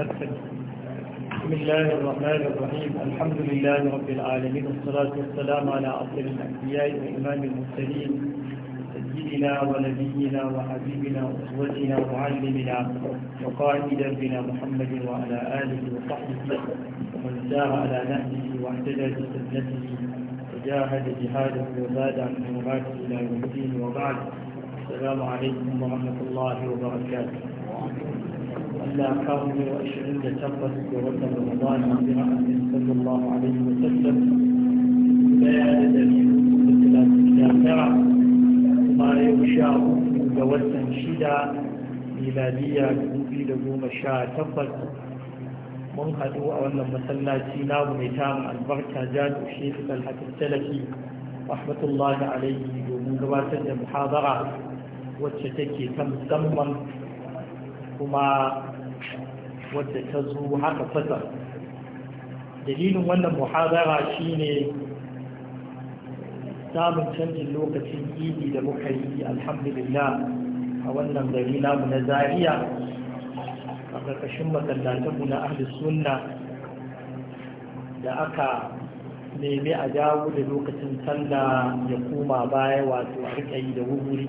نفسك بسم الله الرحمن الرحيم الحمد لله رب العالمين والصلاة والسلام على أفضل الأنبياء وإمام المرسلين سيدنا ونبينا وحبيبنا وأسوتنا وعلمنا وقائد دربنا محمد وعلى آله وصحبه ومن سار على نهجه واهتدى بسنته وجاهد جهاده وزاد عن حرماته إلى يوم الدين وبعد السلام عليكم ورحمة الله وبركاته أن لا أكاهم وأشعر عند تقرس ورسل رمضان من ذراء صلى الله عليه وسلم بيان دليل وثلاث كتاب نرى ما يوشاء من دوسا ميلادية كوبي لقوم شاء تقرس من خدوة وأن مثلا سينا ومتام البركة جاد وشيخ فلحة السلفي رحمة الله عليه ومن قواسة المحاضرة وتشتكي كم زمن kuma wadda ta zo haka fata dalilin wannan muhazara ne samun canjin lokacin idi da muka yi alhamdulillah a wannan gari namu na zariya a ƙarƙashin masallatanmu na ahli sunna da aka nemi a jawo da lokacin sallah ya koma baya wato a da wuri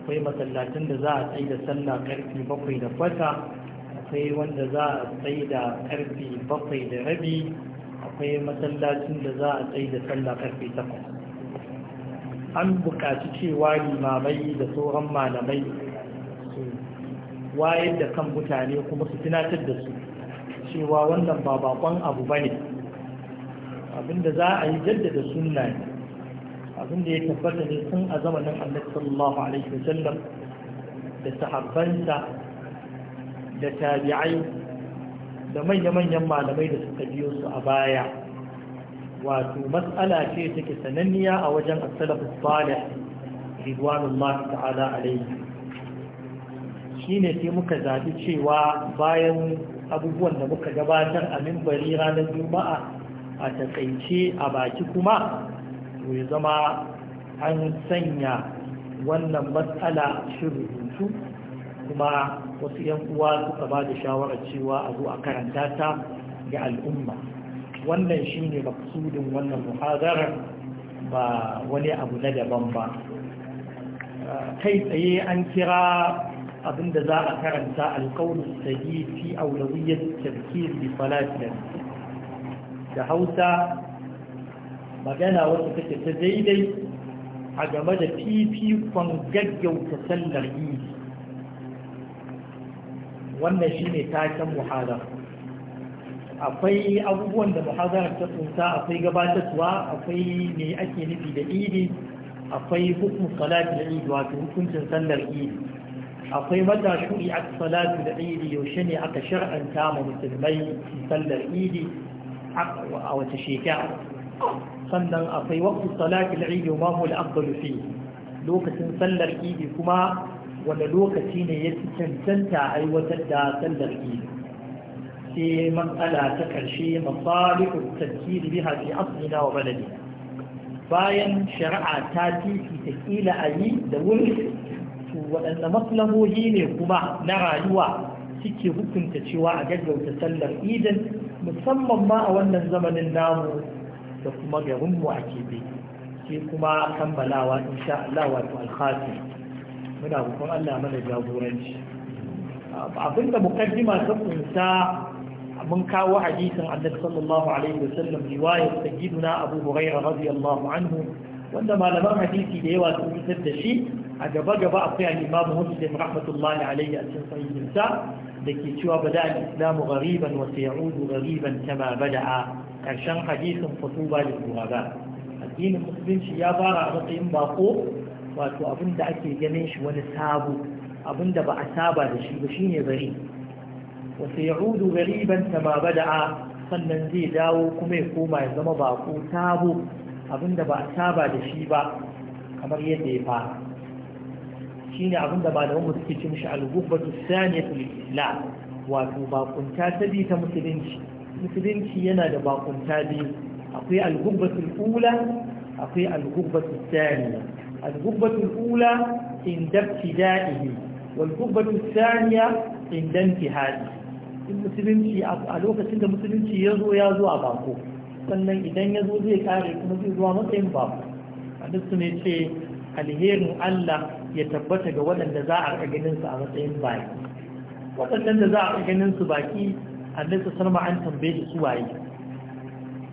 akwai masallacin da za a tsaye da sallah karfi bakwai da kwata akwai wanda za a tsaye da karfi bakwai da rabi akwai masallacin da za a tsaye da sallah karfi takwas an buƙaci cewa limamai da sauran malamai su wayar da kan mutane kuma su tunatar da su cewa wannan ba bakon abu ba ne abinda za a yi jaddada sunna ne abin da ya tabbata ne tun a zamanin annabi sallallahu alaihi wasallam da sahabbansa da tabi'ai da manya-manyan malamai da suka biyo su a baya wato matsala ce take sananniya a wajen as-salafus salih ridwanullah ta'ala alaihi shine sai muka zaɓi cewa bayan abubuwan da muka gabatar a mimbari ranar juma'a a takaice a baki kuma to ya zama an sanya wannan matsala shiru cikin kuma wasu 'yan uwa suka ba da shawarar cewa a zo a karanta ta ga al'umma wannan shine maksudin wannan muhazarar ba wani abu na daban ba kai tsaye an kira abinda za a karanta alkaunin sayi fi aulawiyyar tarkir da hausa magana wacce take ta daidai a game da fifikon gaggauta sallar idi wannan shi ne taken muhazar akwai abubuwan da muhazarar ta tsunta akwai gabatarwa akwai ne ake nufi da idi akwai hukun salatu da idi wato hukuncin sallar idi akwai mata shuri a salatu da idi yaushe ne aka shar'anta ma musulmai sallar idi a wata shekara sannan akwai waqtu salati al wa al lokacin sallar idi kuma wanda lokaci ne ya fi cancanta aiwatar da sallar idi sai matsala ta karshe masalihut tadkir biha fi aslina wa baladina bayan shari'a ta titi ta kila a yi da wuri to maslahohi ne kuma na rayuwa suke hukunta cewa a gaggauta sallar idan musamman ma a wannan zamanin namu da kuma garin mu a kebe sai kuma kammalawa insha Allah wato alkhatim muna roƙon Allah mana jagoranci abinda mukaddima ta kunsa mun kawo hadisin annabi sallallahu alaihi wasallam riwayar sayyiduna Abu Hurairah radiyallahu anhu wanda malaman hadisi da yawa sun fitar da shi a gaba gaba akwai al-Imam Muslim rahmatullahi alayhi a cikin sahihinsa da ke cewa bada al islamu ghariban wa sayudu ghariban kama bada'a ƙarshen hadisin fatuba da ba. addinin musulunci ya fara a matsayin bako wato abin da ake ganin shi wani sabo abin da ba a saba da shi ba shine gari wasu ya'udu gariban ta ma bada'a sannan zai dawo kuma ya koma ya zama bako sabo abin da ba a saba da shi ba kamar yadda ya fara shine abin da malaman mu suke cin shi al-gubbatu saniyatu islam wato bakunta ta ta musulunci musulunci yana da bakunta biyu akwai al-gubbatul ula akwai al-gubbatul thaniya al-gubbatul ula inda ibtidaihi wal gubbatul thaniya inda intihadi musulunci a lokacin da musulunci ya zo ya zo a bako sannan idan ya zo zai kare kuma zai zuwa matsayin bako a duk ne ce alherin Allah ya tabbata ga waɗanda za a ganin su a matsayin baki waɗannan da za a ganin su baki annabi sallama an tambaye su suwaye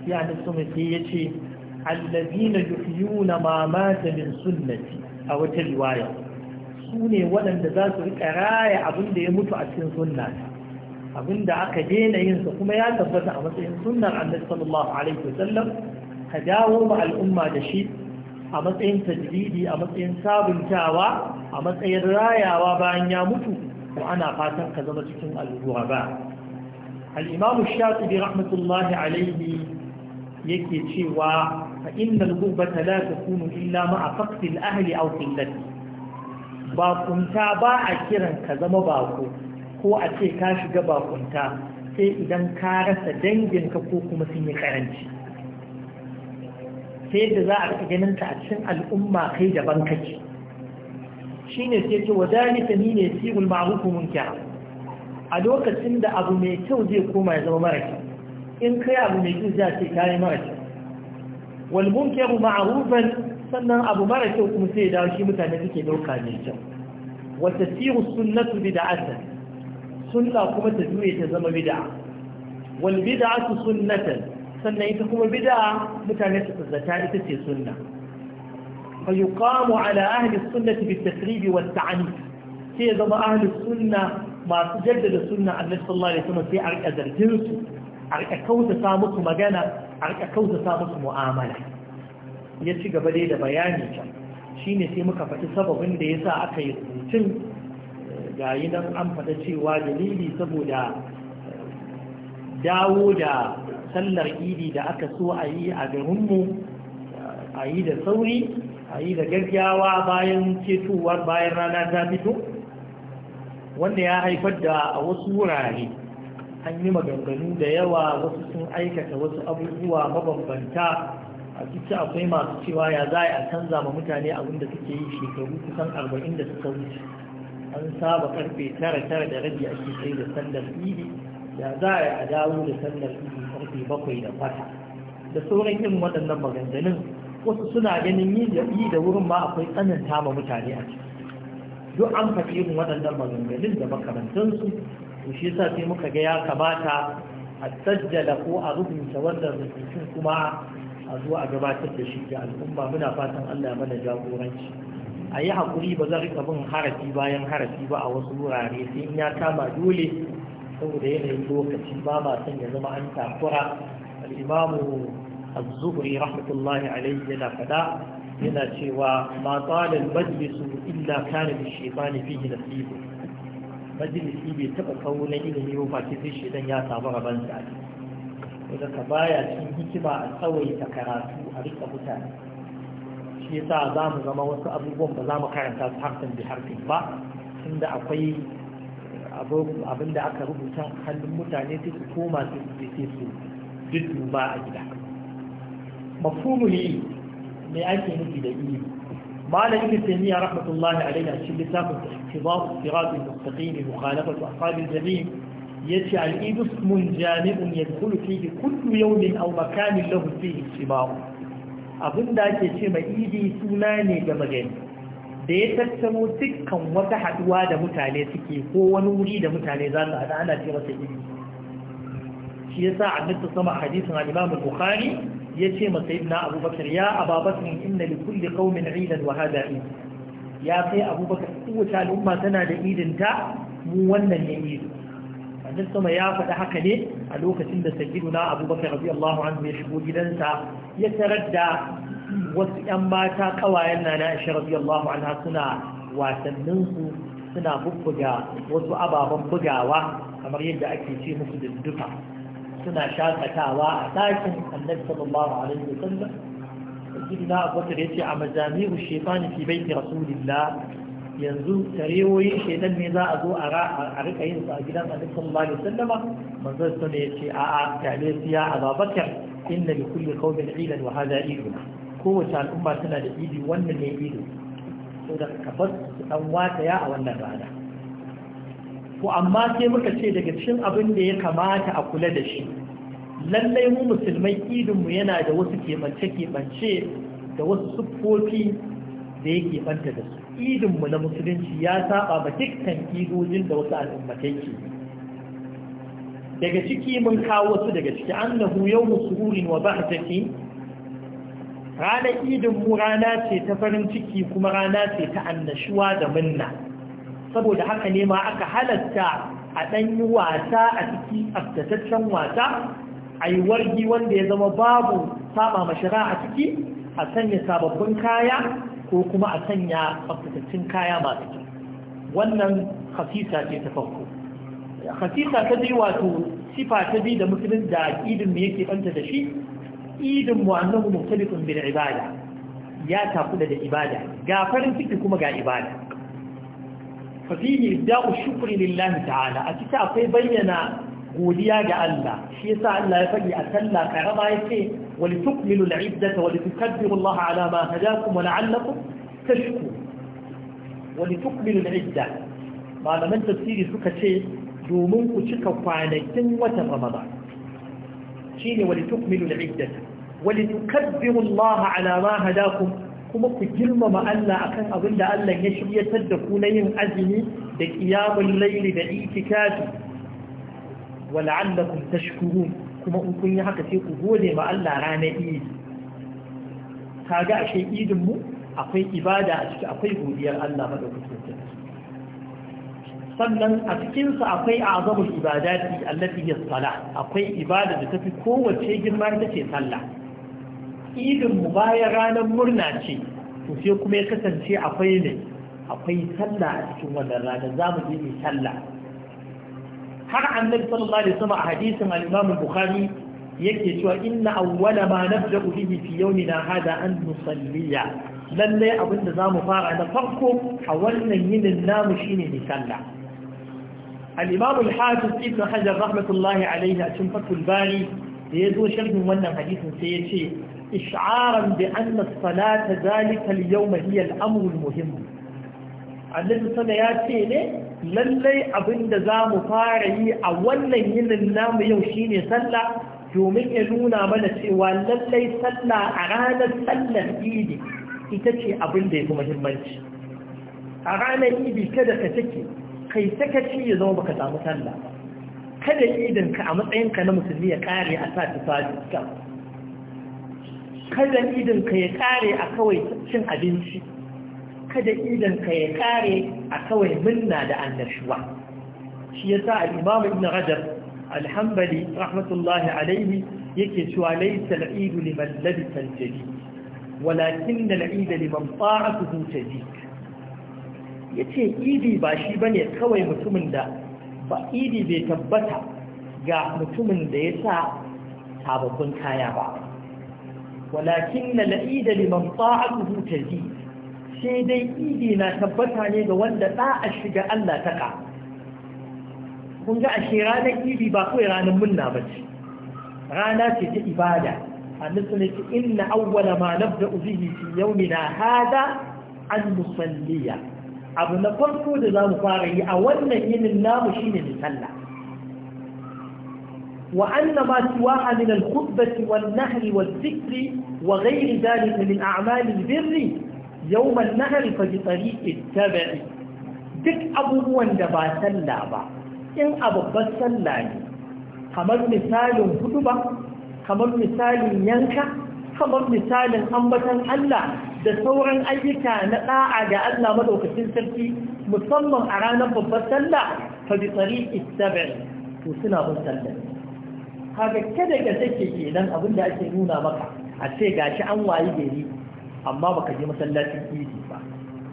sai annabi sallama ya ce allazina na ma mata min sunnati a wata riwaya su ne waɗanda za su riƙa raya abin da ya mutu a cikin sunna abin da aka daina yin sa kuma ya tabbata a matsayin sunnar annabi sallallahu alaihi wasallam ka dawo ma al'umma da shi a matsayin tajridi a matsayin sabuntawa a matsayin rayawa bayan ya mutu ko ana fatan ka zama cikin al'ura ba al’imamu shafi rahmatullahi alaihi yake cewa a inal gurba ta kunu illa ma'a faktil ahali a filin bakunta ba a kiran ka zama bako ko a ce ka shiga bakunta sai idan ka rasa dangin ko kuma sun yi karanci sai da za a ta ganin ta a cikin al'umma kai daban kaji shi ne sai ce wa dalita ni ne sigul ma'arufin mun a lokacin da abu mai kyau zai koma ya zama mara kyau in kai abu mai kyau zai ka yi mara kyau wal munkaru ma'rufan sannan abu mara kyau kuma sai dawo shi mutane suke dauka mai kyau wa tasiru sunnatu bid'atan sunna kuma ta juye ta zama bid'a wal bid'atu sunnatan sannan ita kuma bid'a mutane su tsazzata ita ce sunna fa yuqamu ala ahli sunnati bitasribi tasrib wat ta'nif sai zama ahli sunna masu jaddada sunna annabi sallallahu alaihi wasallam sai a rika zargin su a rika kautata musu magana a rika kautata musu mu'amala ya ci gaba dai da bayani can shine sai muka faɗi sababin da yasa aka yi rubutun yayinar eh, nan an faɗa cewa dalili saboda eh, dawo da sallar idi da aka so a yi a garinmu eh, a yi da sauri a yi da gaggawa bayan cetowar bayan rana ta fito wanda ya haifar da a wasu wurare an yi maganganu da yawa wasu sun aikata wasu abubuwa mabambanta a ciki akwai masu cewa ya za a canza ma mutane abin da suke yi shekaru kusan arba'in da suka wuce an saba karfe tara tara da rabi ake sai da sandar idi ya za a dawo da sandar idi karfe bakwai da fata da sauran yin waɗannan maganganun wasu suna ganin yi da wurin ma akwai tsananta ma mutane a ciki duk an faɗi irin waɗannan maganganun da makamantansu su shi yasa sai muka ga ya kamata a sajjala ko a rubuta wannan rubutun kuma a zo a gabatar da shi ga al'umma muna fatan Allah mana jagoranci a yi haƙuri ba zan rika bin harafi bayan harafi ba a wasu wurare sai in ya kama dole saboda yanayin lokaci ba ma son ya zama an takura al'imamu az-zuhri rahmatullahi alaihi yana faɗa yana cewa ma tsarin majalisu illa kana bi fi gina nasibu majalisi bai taba kawo na ilimi ba face sai shaitan ya samu rabon sa wanda ka baya cikin hikima a ta karatu a rika mutane shi yasa za mu zama wasu abubuwan ba za mu karanta su harkar da harkar ba tunda akwai abin da aka rubuta hannun mutane sai su koma sai su duba a gida mafhumul me ake nufi da ilimi malam ibn taymiya rahmatullahi alayhi a cikin littafin ihtibab sirat al-mustaqim mukhalafatu aqab al-jami yace al-ilm ismun jami'un yadkhulu fihi kullu yawmin aw makanin lahu fihi ihtibab abinda ake ce mai idi suna ne ga magani da ya tattaro dukkan wata haduwa da mutane suke ko wani wuri da mutane za su hada ana ce masa idi shi yasa annabi sama hadisin al-imam al-bukhari ya ce masa na abubakar ya ababakar inna li kulli qaumin idan wa hada id ya kai abubakar kowace al'umma tana da idin ta mu wannan ne id annabi sama ya faɗi haka ne a lokacin da sayyiduna abubakar radiyallahu anhu ya shigo gidansa ya tarar da wasu yan mata kawayen nana Aisha radiyallahu anha suna wasannin su suna bubbuga wasu ababen bugawa kamar yadda ake ce musu da suna shakatawa a ɗakin annabi sallallahu alaihi wa sallam sayyidina abubakar yace a majami'u shaytan fi baiti rasulillah yanzu tarewoyin shaidan ne za a zo a rika yin sa a gidan annabi sallallahu alaihi wasallama manzon sun ya ce a a tale su ya ababakar inna li kulli qaumin ilan wa hadha idun kowace al'umma tana da idi wannan ne idu to da ka bar su dan wata ya a wannan rana ko amma sai muka ce daga cikin abin da ya kamata a kula da shi lallai mu musulmai idinmu yana da wasu keɓance-keɓance da wasu siffofi da ya banta da su idinmu na musulunci ya saba ba dukkan idojin da wasu al'ummatai ke daga ciki mun kawo wasu daga ciki annahu yau musurin wa ba ranar idinmu rana ce ta farin ciki kuma rana ce ta annashuwa da minna. saboda haka ne ma aka halatta a ɗanyi yi wasa a ciki tsaftataccen wasa a yi wargi wanda ya zama babu saba mashara a ciki a sanya sababbin kaya ko kuma a sanya tsaftatattun kaya masu kyau wannan khasisa ce ta farko khasisa ta biyu wato sifa ta biyu da musulun da idin mu yake banta da shi idin mu annahu mukhtalifun bil ibada ya takuda da ibada ga farin ciki kuma ga ibada fa fihi ibda'u lillahi ta'ala a cikin akwai bayyana godiya ga Allah shi yasa Allah ya faɗi a sallah karama yace wal tukmilu al iddata wal tukabbiru Allah ala ma hadakum wa la'allakum tashku wal tukmilu al idda malaman tafsiri suka ce domin ku cika kwanakin watan Ramadan shine wal tukmilu al iddata wal tukabbiru Allah ala ma hadakum kuma ku girmama Allah akan abin da Allah ya shiryatar da ku na yin azumi da qiyamul layli da itikafi ولعلكم تشكرون كما إن كن يحكى سيكو قولي ما ألا رانا إيد كاقع شيء akwai ibada a إبادة akwai godiyar Allah مدعو كتبتك sannan a cikinsa akwai azamul ibadati allati hiya salah akwai ibada da tafi kowace girma ita ce sallah idin mu bayan ranar murna ce to sai kuma ya kasance akwai ne akwai sallah a cikin wannan rana za mu je mu sallah har annabi sallallahu alaihi wasallam a hadisin al-Imam Bukhari yake cewa inna awwala ma nabda'u bihi fi yawmina hada an nusalliya lalle abin da zamu fara na farko a wannan yinin namu shine ne sallah al-Imam al-Hafiz Ibn Hajar rahmatullahi alaihi a cikin Fathul Bari da yazo sharhin wannan hadisin sai ya ce ish'aran bi anna as-salata zalika al-yawm hiya al-amr al annabi ya ce ne lallai abin da za mu fara yi a wannan yinin namu yau shine sallah domin ya nuna mana cewa lallai sallah a ranar sallar idi ita ce abin da ya fi muhimmanci a ranar idi kada ka take kai sakaci ya zama baka samu sallah kada idin ka a matsayin ka na musulmi ya kare a sa tufafi kada idin ka ya kare a kawai cin abinci kada idan ka ya kare a kawai minna da annashuwa shi ya sa imam ibn rajab al-hanbali rahmatullahi alayhi yake cewa laysa al-eid liman labisa al-jadid walakin al-eid liman su ta'atuhu jadid yace idi ba shi bane kawai mutumin da ba idi bai tabbata ga mutumin da ya sa sababbin kaya ba walakin al-eid liman ta'atuhu jadid sai dai idi na tabbata ne ga wanda ɗa'a shiga Allah ta ka kun ga ashe ranar idi ba kawai ranar munna ba ce rana ce ta ibada annabi ne ce inna awwala ma nabda bihi fi yawmina hada an musalliya abu na farko da zamu fara yi a wannan yinin namu shine ne sallah وأن ما سواها من الخطبة والنهر والذكر وغير ذلك من أعمال البر يوم النهر فبطريق التبع duk abubuwan da ba sallah ba in abubban sallah ne kamar misalin hudu ba kamar misalin yanka kamar misalin ambatan Allah da sauran ayyuka na ɗa'a ga Allah madaukacin sarki musamman a ranar babbar sallah fa bi tariqi tabi'i to suna bin sallah haka kada ka take kenan abinda ake nuna maka a ce gashi an wayi gari amma baka je masallacin idi ba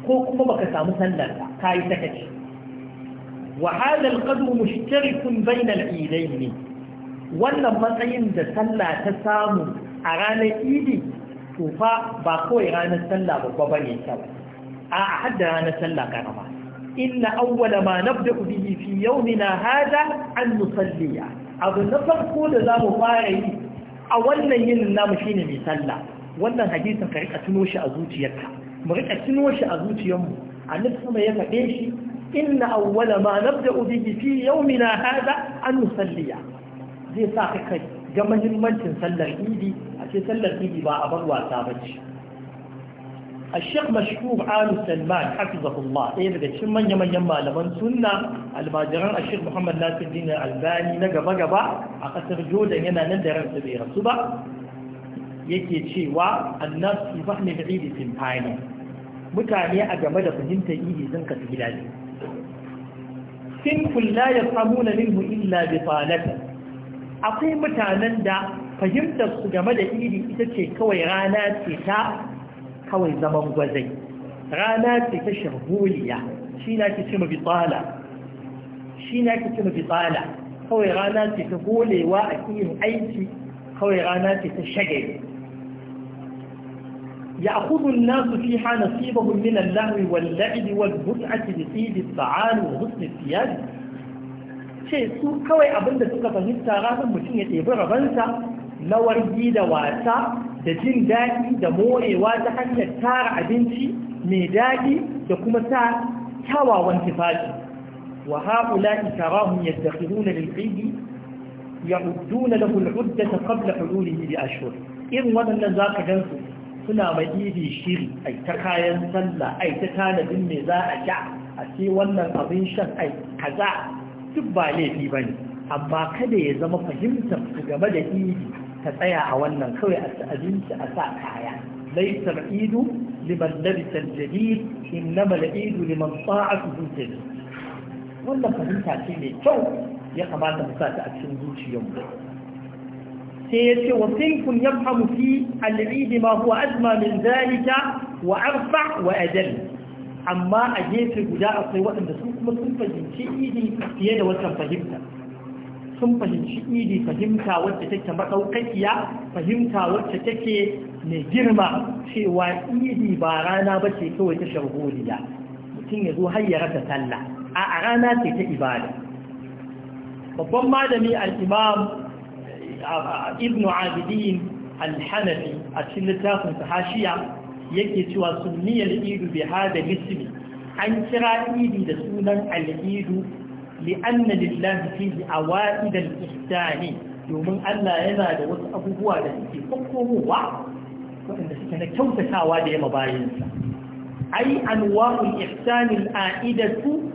ko kuma baka samu sallar ba ka yi sakaci wa hada alqadru mushtarikun bayna al-idayn wannan matsayin da sallah ta samu a ranar idi to fa ba kawai ranar sallah babba bane ta ba a hadda ranar sallah karama إن أول an نبدأ Abu na farko da za mu fara yi a wannan مفاري namu shine mai sallah. wannan hadisin ka rika tuno shi a zuciyarka mu rika tuno shi a zuciyarmu annabi sama ya faɗe shi inna awwala ma nabda'u bihi fi yawmina hadha an nusalliya zai sa ka kai ga muhimmancin sallar idi a ce sallar idi ba a bar wasa bace الشيخ مشهور آل سلمان حفظه الله إيه بدأ شو من يمن يما لمن سنة الماجران الشيخ محمد ناصر الدين الألباني نجا بجا با أقصر جودا ينا bai rasu سبا yake cewa annas fi fahmi al-eid sinfani mutane a game da fahimtar idi sun kasu gida ne sinful la yafhamuna minhu illa bi talata akwai mutanen da fahimtar su game da idi ita ce kawai rana ce ta kawai zaman gwazai rana ce ta sharholiya shi na ke ce mabi shi na ke ce mabi kawai rana ce ta golewa a yin aiki kawai rana ce ta shagari يأخذ الناس فيها نصيبهم من اللهو واللعب والبسعة بطيب الطعام وحسن الثياب ce su kawai abinda suka fahimta ranar mutum ya ɗebi rabansa lawargi da wasa da jin daɗi da morewa ta hanyar tara abinci mai daɗi da kuma ta kyawawan tufafi wa haƙula ikarahun yadda firuna lilƙidi ya hudu na da hulhudda ta kabla huluri da ashur irin waɗannan za ka gansu suna mai shiri ai ta kayan sallah ai ta tanadin me za a sha a ce wannan abin shan ai kaza duk ba laifi ba ne. amma kada ya zama fahimtar su game da idi ta tsaya a wannan kawai a ci abinci a sa kaya laisa idu liman labisa jadid innama idu liman sa'atu jadid wannan fahimta ce mai kyau ya kamata mu sa ta a cikin zuciyarmu sai ya ce wa sinfun yafhamu fi al'idi ma huwa azma min zalika wa arfa wa ajal amma a gefe guda akwai waɗanda sun kuma sun fahimci idi fiye da wata fahimta sun fahimci idi fahimta wacce take maɗaukakiya fahimta wacce take mai girma cewa idi ba rana ba ce kawai ta sharholiya mutum ya zo har ya rasa sallah a rana ce ta ibada babban malami al-imam ibnu abidin alhanafi a cikin littafin hashiya yake cewa sunniyar idu bi hada an kira idi da sunan al'idu li'anna lillahi fihi awaid al domin Allah yana da wasu abubuwa da suke kokkomowa waɗanda suke na kyautatawa da yamma bayansa ai anwa'ul ihsani al-aidatu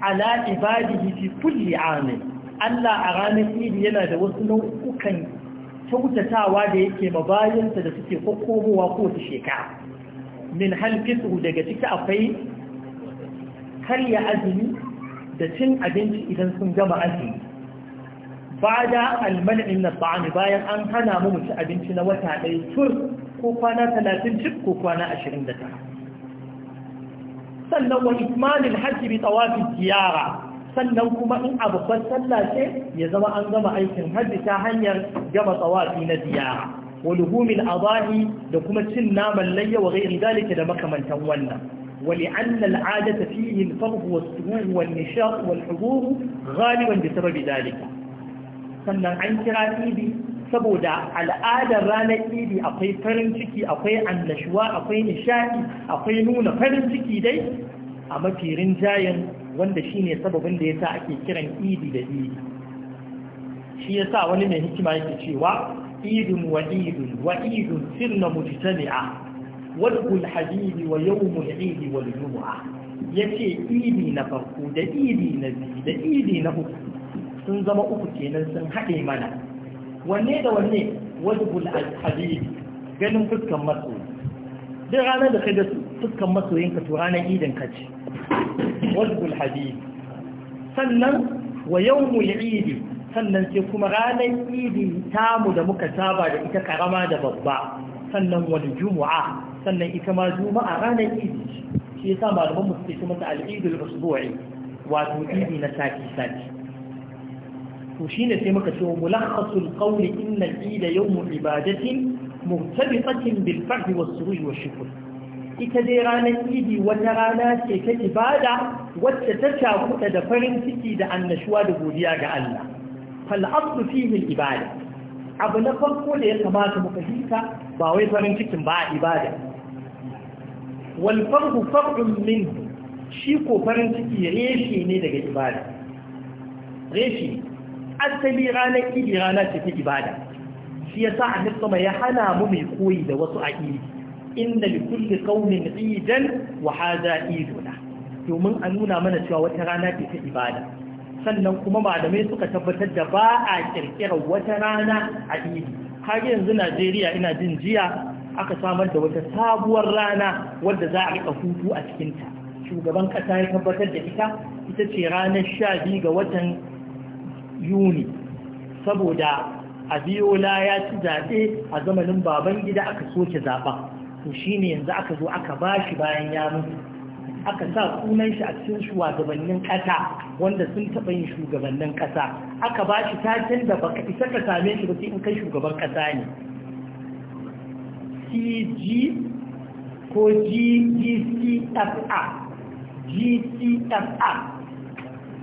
ala ibadihi fi kulli amin Allah a ranar idi yana da wasu nau'ukan kyautatawa da yake mabayinsa da suke kokomowa kowace shekara min halkisu daga ciki akwai karya azumi da cin abinci idan sun gama azumi ba da almanin na ba'ani bayan an hana mu ci abinci na wata ɗaya tur ko kwana talatin cik ko kwana ashirin da tara sannan wa ismanin hajji bi tsawafin ziyara sannan kuma in a babban sallah ce ya zama an gama aikin hajji ta hanyar gama tsawafi na ziyara wa luhumil adahi da kuma cin naman layya wa ghairi dalika da makamantan wannan ولأن العادة فيه الفرض والسموع والنشاط والحضور غالبا بسبب ذلك sannan an kira idi saboda al'adar ranar idi akwai farin ciki akwai annashuwa akwai nishaɗi, akwai nuna farin ciki dai a mafi rinjayen wanda shine sababin da ya sa ake kiran idi da idi shi ya sa wani mai hikima yake cewa idun wa idun wa idun sirna mujtami'a wadul hadidi wa yawmul idi wal jumu'a yace idi na farko da idi na biyu da idi na uku sun zama uku kenan sun haɗe mana wanne da wanne wadul hadidi ganin fuskan masoyi duk ranar da ka ga fuskan masoyinka to ranar idin ka ce wajhul hadith sannan wa yawmul eid sannan sai kuma ranar idi tamu da muka saba da ita karama da babba sannan wani juma'a sannan ita ma juma'a ranar idi shi yasa malaman mu suke mata al'idul idul usbu'i wato idi na sati sati to sai muka ce mulakhasul qawli inna al yau mu ibadatin wasu بالفرح wa والشكر ita dai ranar idi wata rana ce ta ibada wacce ta cakuɗa da farin ciki da annashuwa da godiya ga Allah fal'abdu fihi ibada abu na farko da ya kamata mu fahimta ba wai farin cikin ba ibada wal farhu far'un min shi ko farin ciki reshe ne daga ibada reshe asali ranar idi rana ce ta ibada shi yasa annabi ya hana mu mai koyi da wasu idi Inda li kulli qaumin idan wa hadha iduna domin a nuna mana cewa wata rana ce ta ibada sannan kuma malamai suka tabbatar da ba a kirkirar wata rana a idi har yanzu Najeriya ina jin jiya aka samar da wata sabuwar rana wadda za a rika hutu a cikinta shugaban kasa ya tabbatar da ita ita ce ranar sha biyu ga watan yuni saboda abiola ya ci zaɓe a zamanin baban gida aka soke zaɓen to shi ne yanzu aka zo aka ba shi bayan ya mutu aka sa sunan shi a cikin shugabannin kasa wanda sun taɓa yin shugabannin kasa aka bashi taken da baka isa ka same shi ba sai in kai shugaban kasa ne CG ko gtcfa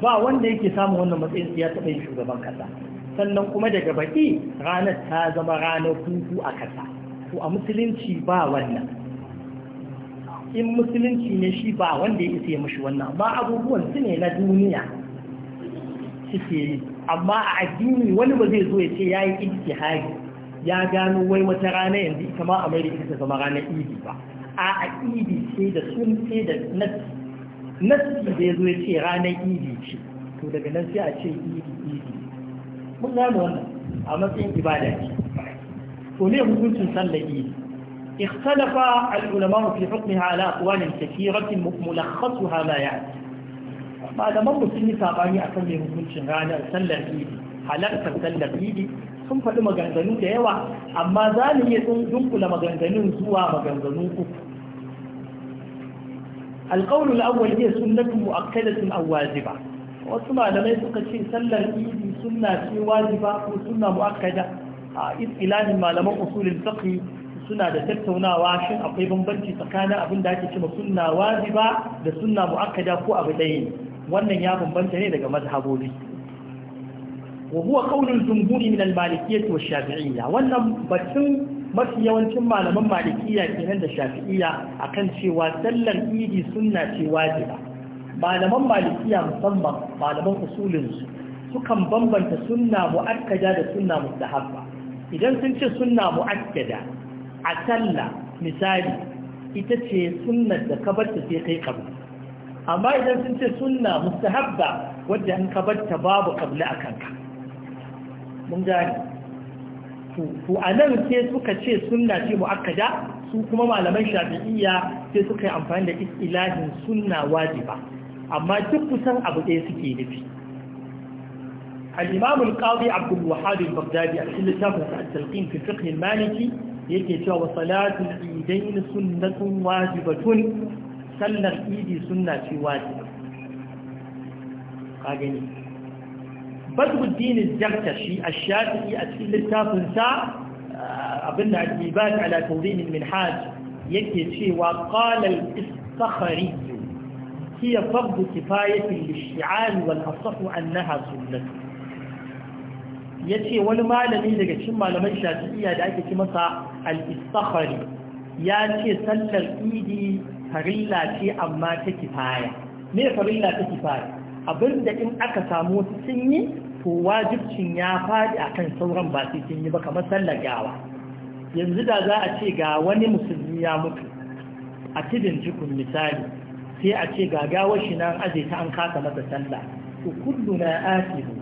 ba wanda yake samun wannan matsayin ya taɓa yin shugaban ƙasa. sannan kuma daga baki ranar ta zama ranar hutu a kasa to a musulunci ba wannan in musulunci ne shi ba wanda ya isa mashi wannan ba abubuwan su ne na duniya suke yi amma a addini wani ba zai zo ya ce ya yi ijtihadi ya gano wai wata rana yanzu ita ma a mai da ita zama ranar idi ba a a idi ce da sun ce da nasi nasi da ya zo ya ce ranar idi ce to daga nan sai a ce idi idi mun gano wannan a matsayin ibada ce to hukuncin sallar idi ikhtalafa al-ulama fi hukmiha ala aqwalin kathiratin mulakhasuha la ya ba da mamu sun yi sabani akan me hukuncin ranar sallar idi halartar sallar idi sun faɗi maganganu da yawa amma za mu iya dunkula maganganun zuwa maganganu uku القول الأول هي سنة مؤكدة أو واجبة وثم على ما يتقى شيء سنة ko سنة في واجبة وسنة مؤكدة a ilahin malaman usulin fiqh suna da tattaunawa shin akwai bambanci tsakanin abin da ake cewa sunna wajiba da sunna mu'akkada ko abu ɗaya wannan ya bambanta ne daga mazhabobi wa huwa qaulul jumhuri min al-malikiyyah wa shafi'iyyah wannan batun mafi yawancin malaman malikiyya kenan da shafi'iyya akan cewa sallar idi sunna ce wajiba malaman malikiyya musamman malaman usulin su sukan bambanta sunna mu'akkada da sunna mustahabba idan sun ce sunna mu'akkada a sallah misali ita ce sunnar da kabarta sai kai kabu amma idan sun ce sunna mustahabba wadda an kabarta babu kabla a kanka mun gane to a nan sai suka ce sunna ce mu'akkada su kuma malaman shafi'iyya sai suka yi amfani da istilahin sunna wajiba amma duk kusan abu ɗaya suke nufi الإمام القاضي عبد الوحاد البغدادي أحل شافه التلقين في الفقه المالكي يكيش وصلاة الإيدين سنة واجبة صلى ايدي سنة في واجبة قاقني بدر الدين الزرتشي الشافعي أحل شافه آه، ساء أبنى الإيبان على توظيم المنحاج يكيش وقال الإستخري هي فرض كفاية للشعال والأصح أنها سنة ya ce wani malami daga cikin malaman shafi'iyya da ake ci masa al-istakhari ya ce sallar idi farilla ce amma ta kifaya me farilla ta kifaya abinda in aka samu wasu sun yi to wajibcin ya faɗi akan sauran ba sun yi ba kamar sallar gawa yanzu da za a ce ga wani musulmi ya mutu a tidin jikun misali sai a ce ga gawar shi nan aje ta an kasa masa sallah to kullu na asibu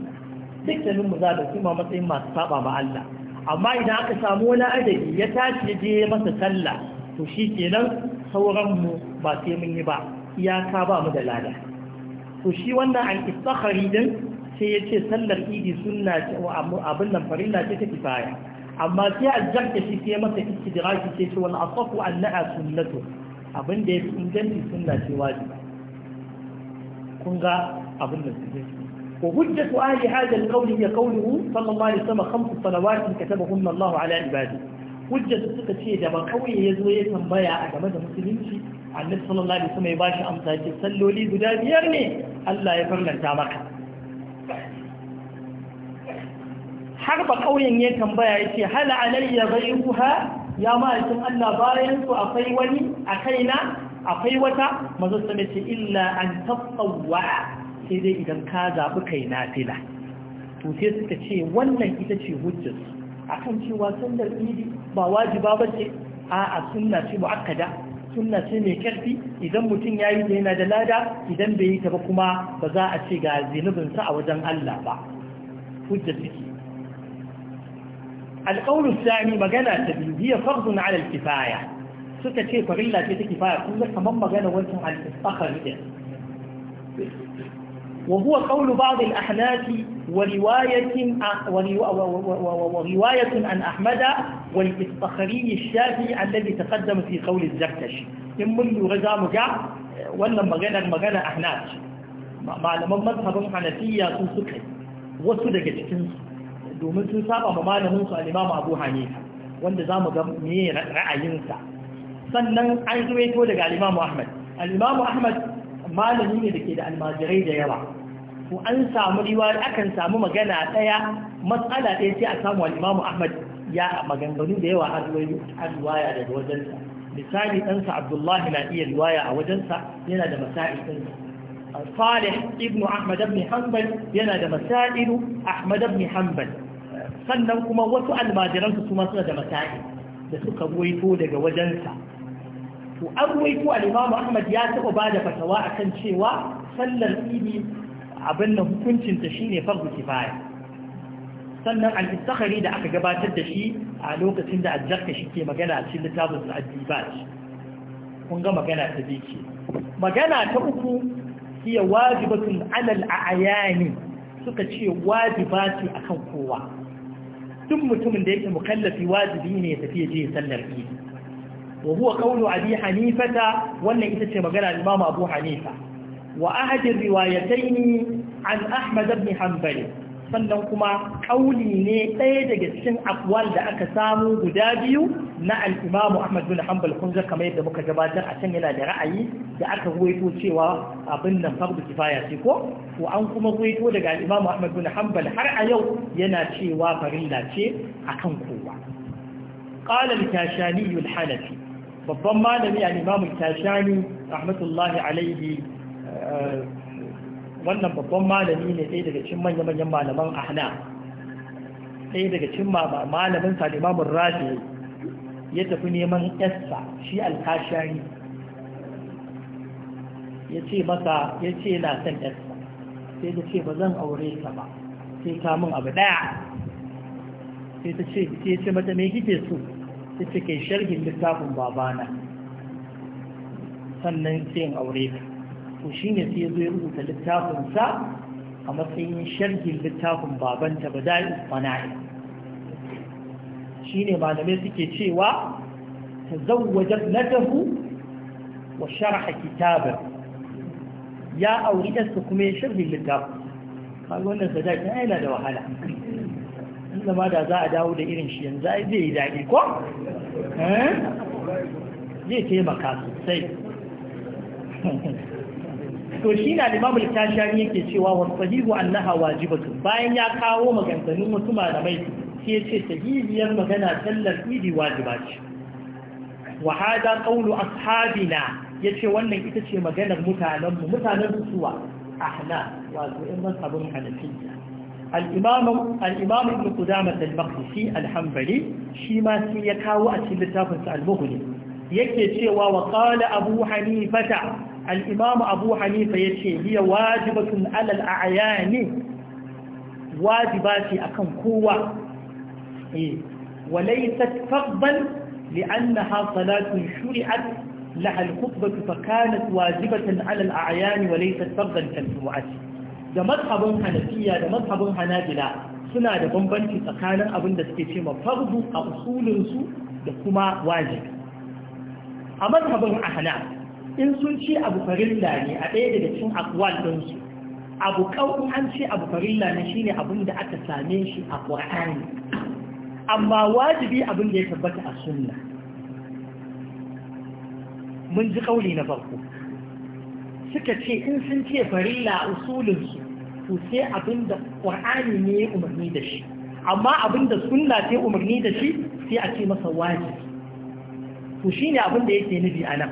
dukkanin mu za da su ma matsayin masu saba ma Allah amma idan aka samu wani adadi ya tashi je masa sallah to shi kenan sauran mu ba sai mun yi ba iyaka ba mu da lada to shi wannan an istakhari din sai yace sallar idi sunna ce wa abin nan farilla ce ta kifaya amma sai aljarta shi sai masa istidraki sai ce wal asafu annaha sunnatu abin da yafi inganci sunna ce wajibi kun ga abin da suke وهجة أهل هذا القول هي قوله صلى الله عليه وسلم خمس صلوات كتبهن الله على عباده hujjar su suka ce da ba kawai ya zo ya tambaya a game da musulunci annabi sallallahu alaihi wasallam ya bashi amsa ce salloli guda biyar ne Allah ya farlanta maka har ba kauyen ya tambaya ya ce hal alayya bayuha ya ma'aikin Allah bayan su akwai wani a kaina akwai wata mazo ce illa an tatawwa sai dai idan ka zaɓi kai nafila to sai suka ce wannan ita ce hujjar A kan cewa sallar idi ba wajiba ba ce a'a sunna ce mu'akkada sunna ce mai karfi idan mutum ya yi da yana da lada idan bai yi ta ba kuma ba za a ce ga zunubinsa a wajen Allah ba hujjar ciki. alƙawar sami magana ta biyu biya farzun alal kifaya suka ce farilla ce ta kifaya kun ga kamar magana wancan al'istakar ne وهو قول بعض الأحناف ورواية ورواية عن أحمد والإستخري الشافعي الذي تقدم في قول الزركشي in mun lura za mu ga wannan maganar magana ahnaf malaman mazhabin hanafiya sun suka wasu daga cikin domin sun saba ma malamin su al-imam Abu Hanifa wanda za mu ga me ra'ayinsa sannan an to daga al-imam Ahmad al-imam Ahmad malami ne da ke da almajirai da yawa to an samu riwa akan samu magana ɗaya matsala ɗaya sai a samu al'imamu ahmad ya maganganu da yawa an riwaya daga wajensa misali ɗansa abdullahi na iya riwaya a wajensa yana da masa'i ɗinsa صالح ابن أحمد بن حنبل yana da masailu أحمد بن حنبل sannan kuma wasu almajiransu su masu da masa'i da suka goyito daga wajensa to an ruwaito al-imamu ahmad ya taɓa ba da fatawa akan cewa sallar idi abin da hukuncinta shine farko kifaya sannan al-istakhari da aka gabatar da shi a lokacin da ajjarka shi ke magana a cikin littafin su addibat kun ga magana ta biyu magana ta uku hiya wajibatun alal a'yani suka ce wajiba ce akan kowa duk mutumin da yake mukallafi wajibi ne ya tafi je sallar idi wa huwa qawlu abi hanifata wannan ita ce magana imam abu hanifa wa ahad riwayatayn an ahmad ibn hanbal sannan kuma kauli ne ɗaya daga cikin akwal da aka samu guda biyu na al'imamu Ahmad bin Hanbal kun ga kamar yadda muka gabatar a can yana da ra'ayi da aka ruwaito cewa abin nan fardu kifaya ce ko ko an kuma ruwaito daga al'imamu Ahmad bin Hanbal har a yau yana cewa farilla ce akan kowa qala al-kashani hanafi babban malami a limamun tashani rahmatullahi alaihi eh, wannan babban malami ne ɗaya daga cin manya-manyan malaman ahna ɗaya daga cin malamin sa limamun rafi ya tafi neman yassa shi alkashani ya ce masa ya ce na son yassa sai ta ce ba zan aure ta ba sai kamun abu ɗaya sai ta ce ce mata me kike so ta ce kai sharhin littafin babana sannan sai in aure ka to shi ne sai zai rubuta littafinsa a matsayin sharhin littafin babanta ba da'i fana'i shi ne malamai suke cewa ta wajen nadahu wa sharha kitabar ya auri ɗansa kuma ya sharhin littafin kaga wannan sadaki yana da wahala inda ma da za a dawo da irin shi yanzu zai yi daɗi ko? Eh? zai taimaka sosai to shi na limamul tashari yake cewa wasu sahihu annaha wajibatu bayan ya kawo maganganun wasu malamai sai ya ce sahihiyar magana tallar idi wajiba ce wa hada qawlu ashabina yace wannan ita ce maganar mutanenmu mutanen suwa ahna wato in mazhabin hanafiya al’imam ibn kudama al-maqdisi al-hambari shi ma su ya kawo a cikin littafinsa al yake cewa wa kala abu hanifa ta al’imam abu hanifa ya ce biya wajibatun alal a'aya ne wajiba ce a kowa e walai ta tabbal li an na hasalatun shuri'ar lahalkubatu fa kanat alal a'aya ne walai ta tabbal kan su wa'ashi da mazhabin hanafiya da mazhabin hanabila suna da bambanci tsakanin abin da suke ce ma fardu a usulinsu da kuma wajibi a mazhabin ahna in sun ce abu farilla ne a ɗaya daga cikin akwal ɗinsu abu kawun an ce abu farilla ne shine abin da aka same shi a ƙur'ani. amma wajibi abin da ya tabbata a sunna mun ji kauli na farko suka ce in sun ce farilla usulinsu to sai abin da ƙwar'ani ne ya umarni da shi amma abin da sunna ta umarni da shi sai a ce masa wajibi to shi ne abin da yake nufi a nan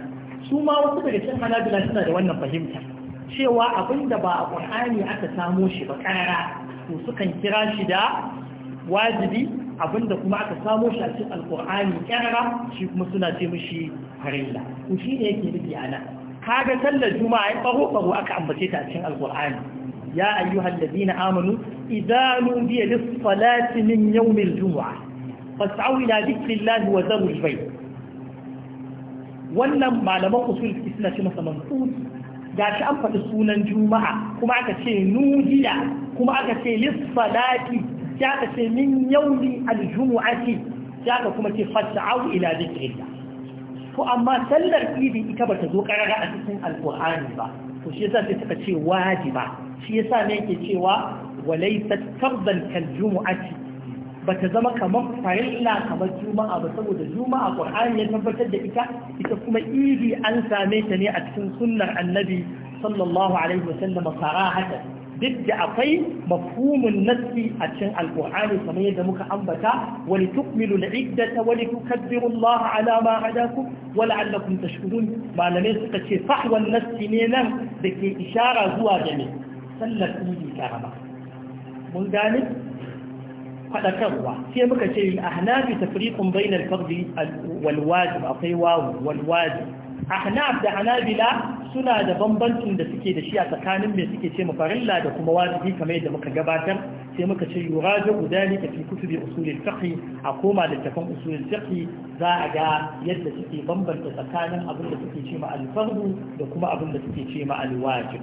su ma wasu daga cikin hanabila suna da wannan fahimta cewa abin da ba a ƙwar'ani aka samo shi ba ƙarara to sukan kira shi da wajibi abinda kuma aka samo shi a cikin alkur'ani kyarara shi kuma suna ce mishi harilla to shi ne yake nufi a nan kaga sallar juma'a ya faho faho aka ambace ta cikin alqur'ani ya ayyuhal ladina amanu idza nudiya lis salati min yawmil jumu'a fas'au ila dhikrillahi wa dharul bayt wannan malaman usul suna ce masa mansus shi an faɗi sunan juma'a kuma aka ce nudiya kuma aka ce lis salati ya ka ce min yawmi al jumu'ati ya ka kuma ce fas'au ila dhikrillah to amma sallar idi ita ba ta zo karara a cikin alkur'ani ba to shi yasa sai suka ce wajiba shi yasa ne yake cewa walaysat fardan kal jumu'ati bata zama kamar farilla kamar juma'a ba saboda juma'a qur'ani ya tabbatar da ita ita kuma idi an same ta ne a cikin sunnar annabi sallallahu alaihi wasallam sarahatan duk da akwai mafhumun nassi a cikin alqur'ani kamar yadda muka ambata wa litukmilu al'iddata wa litukabbiru Allah ala ma ku wa la'allakum tashkurun malamai suka ce fahwan nassi ne nan ke ishara zuwa ga ne sallar idi karama mun gane fadakarwa sai muka ce al ahnafi tafriqun bainal fardhi wal wajib akwai wawu wal wajib ahnaf da hanabila suna da bambancin da suke da shi a tsakanin mai suke ce farilla da kuma wajibi kamar yadda muka gabatar sai muka ce yurajo gudani ka fi kutubi usulul fiqh a koma littafin usulul fiqh za a ga yadda suke bambanta tsakanin abin da suke ce ma al-fardu da kuma abin da suke ce ma al-wajib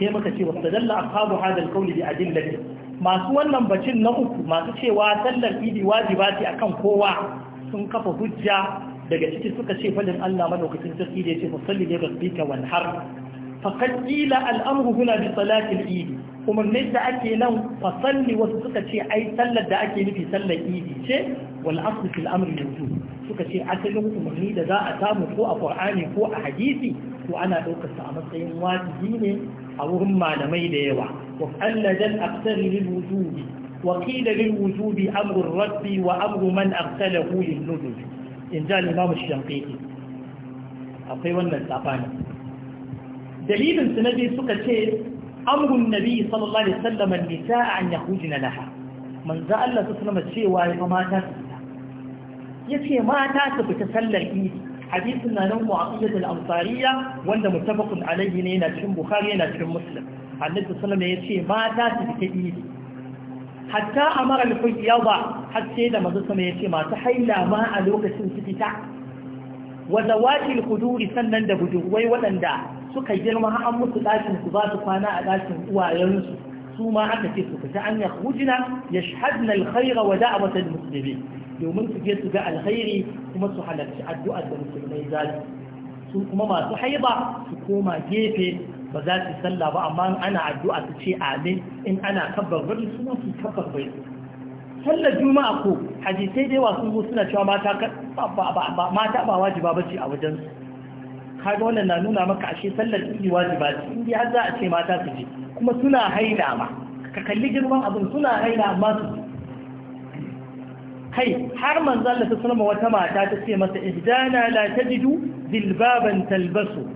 sai muka ce wa tadalla ashabu hadal qawli bi adillati masu wannan bacin na uku masu cewa sallar idi wajiba ce akan kowa sun kafa hujja daga ciki suka ce fadin Allah madaukakin sarki da yace fasalli li rabbika wanhar faqad qila al-amru huna bi salati al-eid umarnin da ake nan fasalli wasu suka ce ai sallar da ake nufi sallar idi ce wal asl fil yanzu suka ce asalin umarni da za a samu ko a qur'ani ko a hadisi to ana daukar sa a matsayin wajibi ne a wurin malamai da yawa wa allajal aqsari lil wujubi وقيل للوجوب wa الرب وأمر من أرسله in ji al'imamu shamfiki akwai wannan tsafani dalilin su na suka ce amurin nabi sallallahu alaihi sallama nisa an yahudi na laha Man za Allah su sallama cewa ya fa mata su fita ya ce mata su fita sallar idi hadisin na nan mu'aqiyyat al-ansariya wanda muttafaqun alaihi ne yana cikin bukhari yana cikin muslim annabi sallallahu alaihi ya ce mata su fita idi hatta a mara lufin sai da mazu sama ya ce masu haila ma a lokacin su fita wa zawatil kuduri sannan da budurwai waɗanda suka girma har an musu ɗakin su ba su kwana a ɗakin uwayensu su ma aka ce su fita an ya yashhadna alkhaira wa da'watal muslimin domin su je su ga alkhairi kuma su halarci addu'ar da musulmai zasu su kuma masu haiba su koma gefe ba za su sallah ba amma ana addu'a su ce amin in ana kabbar bari suna su kabbar bari sallar juma'a ko hadisai da yawa sun zo suna cewa mata mata ba wajiba bace a wajen su kaga wannan na nuna maka ashe sallar idi wajiba ce in dai har za a ce mata su je kuma suna haila ma ka kalli girman abin suna haila amma su kai har manzo Allah ta sunama wata mata ta ce masa ihdana la tajidu dilbaban talbasu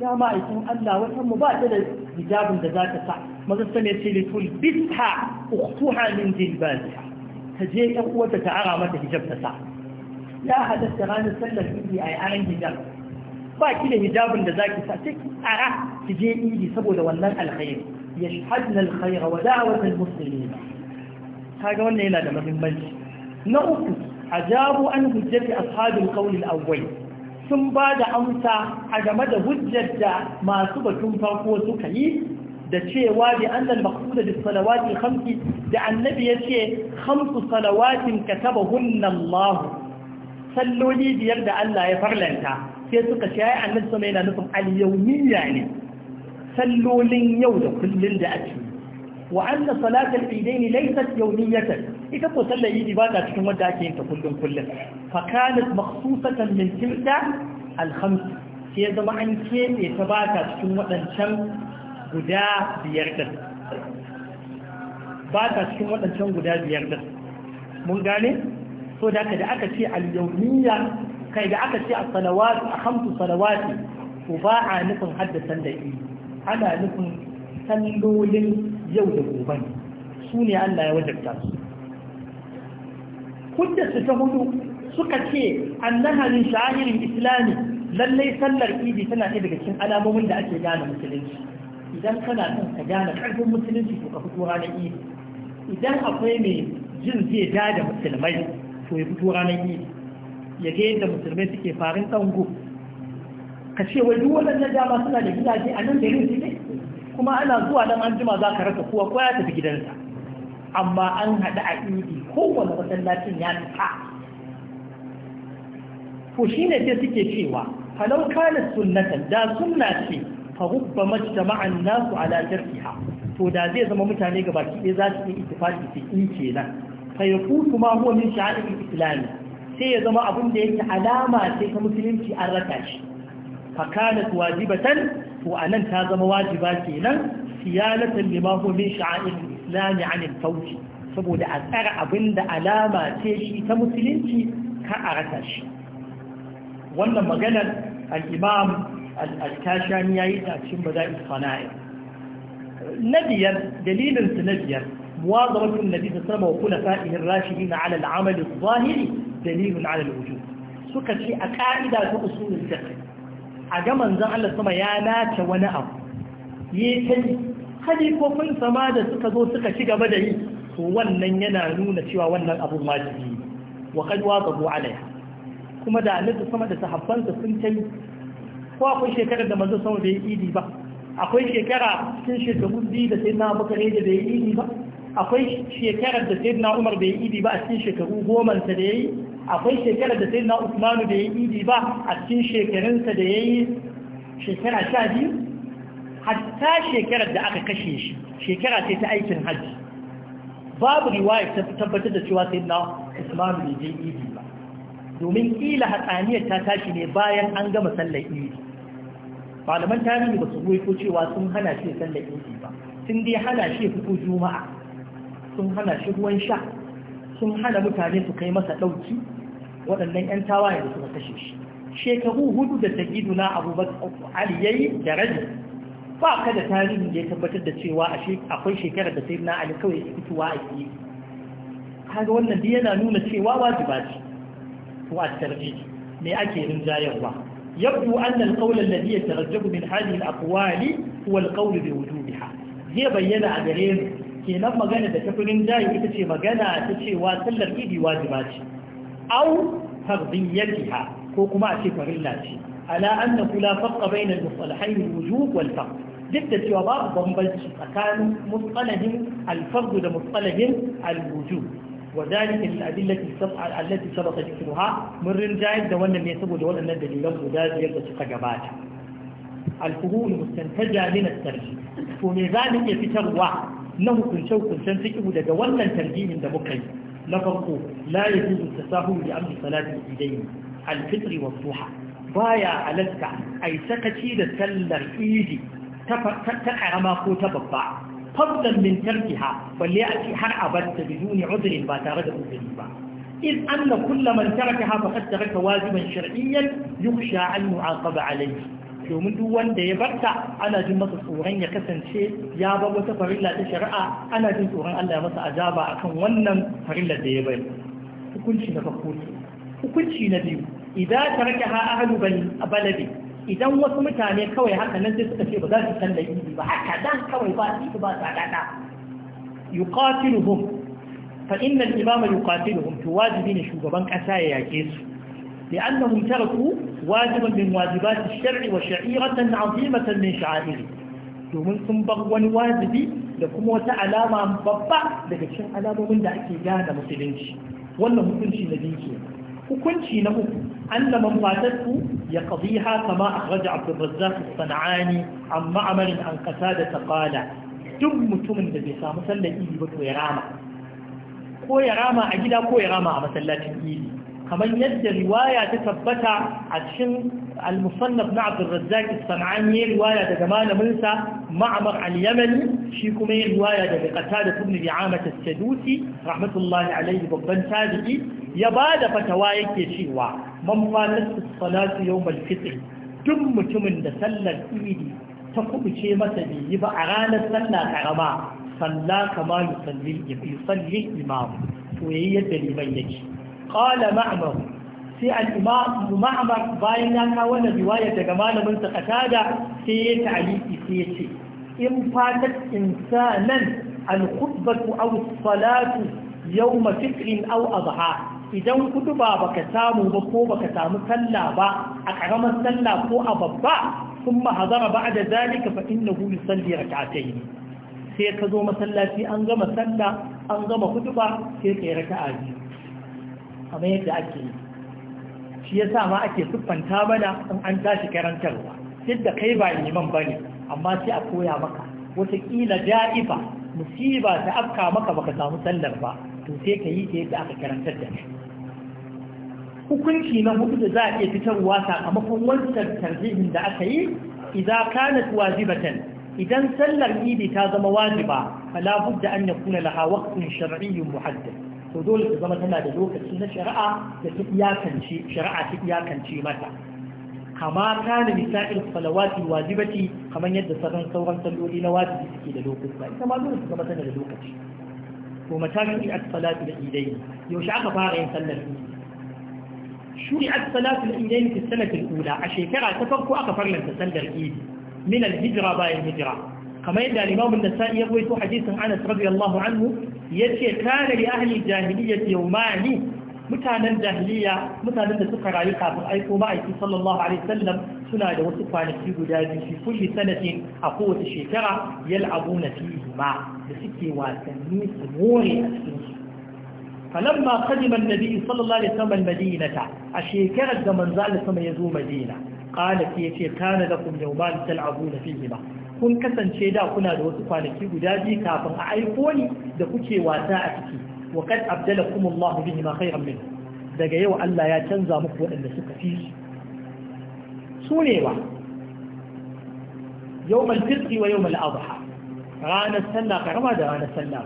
ya ma'aikin Allah watan mu ba ta da hijabin da za ta sa maza sani ce litul bisha uktuha min jilbaliha ta je ɗan uwarta ta ara mata hijab ta sa ya halatta ranar sallar idi a aran hijab ba ki da hijabin da zaki sa sai ki ara ki je idi saboda wannan alkhairi yashhadna alkhaira wa da'watul muslimin kaga wannan yana da muhimmanci na uku ajabu an hujjati ashabil qawl al-awwal sun ba da amsa a game da hujjar da masu batun farko suka yi da cewa da annal maqsuda bis salawati khamsi da annabi yace khamsu salawatin katabahunna Allah salloli biyar da Allah ya farlanta sai suka ce ai annabi sama yana nufin al-yawmiyya ne sallolin yau da kullun da ake wa anna salatul idain laysat yawmiyatan ita ko sallar idi ba ta cikin wadda ake yin ta kullum kullum fa kanat makhsusatan min tilka al khams sai zama an keɓe ta ba ta cikin waɗancan guda biyar din ba ta cikin waɗancan guda biyar din mun gane so da da aka ce al yawmiya kai da aka ce as salawat khamsu salawati ko ba a nufin haddasan da yi. ana nufin sallolin yau da gobe su ne Allah ya wajabta su hujjarsu ta hudu suka ce annaha min shahirin islami lallai sallar idi tana ɗaya daga cikin alamomin da ake gane musulunci idan kana son ka gane karfin musulunci to ka fito ranar idi idan akwai mai jin zai da da musulmai to ya fito ranar idi ya ga yadda musulmai suke farin ɗango ka ce wai duk waɗannan dama suna da gidaje a nan garin su ne kuma ana zuwa dan anjima za ka rasa kowa ko ya tafi gidansa amma an haɗu a idi kowane masallacin ya nufa. ko shi ne sai suke cewa falau kane sunnatan da sunna ce fa rubba majtama'an nasu ala jarfiha to da zai zama mutane ga baki ɗaya za su yi ittifaqi su in kenan fa yakutu ma huwa min sha'a'ir islami sai ya zama abin da yake alama ce ta musulunci an raka shi fa kanat wajibatan to anan ta zama wajiba kenan siyanatan lima huwa min sha'a'ir islami anil fauci saboda a tsara abin da alama ce shi ta musulunci ka a rasa shi wannan maganar al'imam al'ashani ya yi a cikin baza'in fana'i na biyar dalilinsu na biyar مواظبة النبي صلى الله عليه وسلم وخلفائه الراشدين على العمل الظاهري دليل alal الوجود suka ce a ka'ida ta usulun fiqh a ga manzon Allah sama ya nace wani abu yi kai kun sama da suka zo suka ci gaba da yi to wannan yana nuna cewa wannan abu wajibi ne wa kad wazabu alaiha kuma da annabi sama da sahabbansa sun tai ko akwai shekarar da manzo sama bai yi idi ba akwai shekara cikin shekaru biyu da sayyidina Abubakar da bai yi idi ba akwai shekarar da na Umar bai yi idi ba a cikin shekaru goman sa da yayi akwai shekarar da na Usmanu bai yi idi ba a cikin shekarunsa da yayi shekara biyu. hatta shekarar da aka kashe shi shekara ce ta aikin hajji babu riwaya ta tabbatar da cewa sai na usman bai je idi ba domin kila hatsaniyar ta tashi ne bayan an gama sallar idi malaman tarihi ba su ko cewa sun hana shi sallar idi ba sun dai hana shi fuku juma'a sun hana shi ruwan sha sun hana mutane su kai masa ɗauki waɗannan 'yan tawaye da suka kashe shi shekaru hudu da ta na abubakar ali yayi da rajin ba ka da tarihin da ya tabbatar da cewa akwai shekarar da sai na ali kawai ya fitowa a yi kaga wannan da yana nuna cewa wajiba ce to a tarbi me ake rinjayarwa yabdu anna al-qawl alladhi yatarajjabu min hadhihi al-aqwali huwa al-qawl bi wujubiha zai bayyana a gare mu kenan magana da tafi rinjaye ita ce magana ta cewa sallar idi wajiba ce au fardiyatiha ko kuma a ce farilla ce ala annahu la farqa bayna al-mustalahayn al-wujub wal-fard duk da cewa babu bambanci tsakanin mustalahin alfardu da mustalahin alwuju wa zalika lil adillati sab'a allati sabaqa dhikruha mun rinjayar da wannan ne saboda waɗannan dalilan guda biyar da suka gabata alfuhul mustantaja min at-tarjih to me za mu iya fitarwa na hukunce hukuncen fiqh daga wannan tarjihin da muka yi na farko la yajuzu tasahul bi amri salati al-idayn al-fitr wa ad-duha baya alaka ai sakaci da sallar idi ta karama ko ta babba fadlan min tarkiha balle a ce har abadda biduni udrin ba tare da udri ba in أن كل من تركها فقد ترك واجبا شرعيا يخشى an يعاقب عليه domin duk wanda ya barta ana jin masa tsoron ya kasance ya bar wata farilla ta shari'a ana jin tsoron Allah ya masa azaba akan wannan farillar da ya hukunci na farko hukunci na biyu idan taraka ha ahlu baladi idan wasu mutane kawai haka nan sai suka ce ba za su san da ba haka dan kawai ba su ba ta dada yuqatiluhum fa inna al-imam yuqatiluhum to wajibi ne shugaban kasa ya yake su لأنهم تركوا واجبا من واجبات الشرع وشعيرة عظيمة من شعائره domin sun bar wani wajibi da kuma wata alama babba daga cikin alamomin da ake gane musulunci wannan mutunci na dinki hukunci na uku an da mamfatarku ya ƙadiha kama a raja abdullazzar sana'ani amma amarin an kasa da taɓada duk mutumin da bai samu sallar ili ba ko ya rama a gida ko ya rama a masallacin ili kamar yadda riwaya ta tabbata a cikin al-musannaf na Abdul Razzaq sanani riwaya daga malamin sa Ma'mar al-Yamani shi kuma yin riwaya daga Qatada ibn Bi'amah as-Sadusi rahmatullahi alayhi babban tabi'i ya bada fatawa yake cewa man fatat as-salatu yawm al-fitr duk mutumin da sallar idi ta kubuce masa bai yi ba a ranar sallah karama sallah kamar yusalli yusalli imam to yayi yadda liman yake qala ma'mar sai al-imam ma'mar bayan ya kawo wannan riwaya daga malamin sa qatada sai ya ta'aliki sai ya ce in fatat insanan al-khutbatu aw as-salatu yawma fitrin aw adha idan kutuba baka samu ba ko baka samu sallah ba a karamar sallah ko a babba kun mahazara ba da zalika fa innahu yusalli rak'atayn sai ka zo masallaci an gama sallah an gama kutuba sai kai raka'a biyu kamar yadda ake yi shi ya sa ma ake siffanta mana in an tashi karantarwa duk da kai ba liman ba ne amma sai a koya maka wataƙila da'ifa musiba ta afka maka baka samu sallar ba to sai ka yi ta yadda aka karantar da hukunci na hudu da za a iya fitarwa sakamakon wancan tarzihin da aka yi idan kanat wajibatan idan sallar idi ta zama wajiba fala budda an yakuna laha waqtun shar'iyyun muhaddad to dole ta zama tana da lokaci na shari'a da ta iyakance shari'a ta iyakance mata kama kana misa'il salawati wajibati kamar yadda sauran sauran salloli na wajibi suke da lokuta ita ma dole ta zama tana da lokaci to matashi at salatu da idai yaushe aka fara yin sallar شرعت صلاة a shekara السنة الأولى aka تفرق sallar idi تسلل hijira من الهجرة باي الهجرة yadda يدى الإمام النسائي يروي حديث عن أنس رضي الله anhu. yace tarihi li ahli jahiliyyati yawmani mutanen jahiliya mutanen da suka rayu kafin aiko ma'aiki sallallahu alaihi suna da wasu kwanaki guda biyu fi kulli sanatin a kowace shekara na fihi ma da suke wasanni su more a cikin su فلما قدم madinata a shekarar عليه وسلم المدينة أشيكرة زمن زال سما يزو مدينة قال في كان لكم يومان تلعبون فيهما kun kasance da kuna da wasu kwanaki guda biyu kafin a aiko ni da kuke wasa a ciki wa kad abdalakum Allah bihi ma khayran min daga yau Allah ya canza muku waɗanda suka fi su ne ba yawmal fitri wa yawmal adha ranar sallah karama da ranar sallah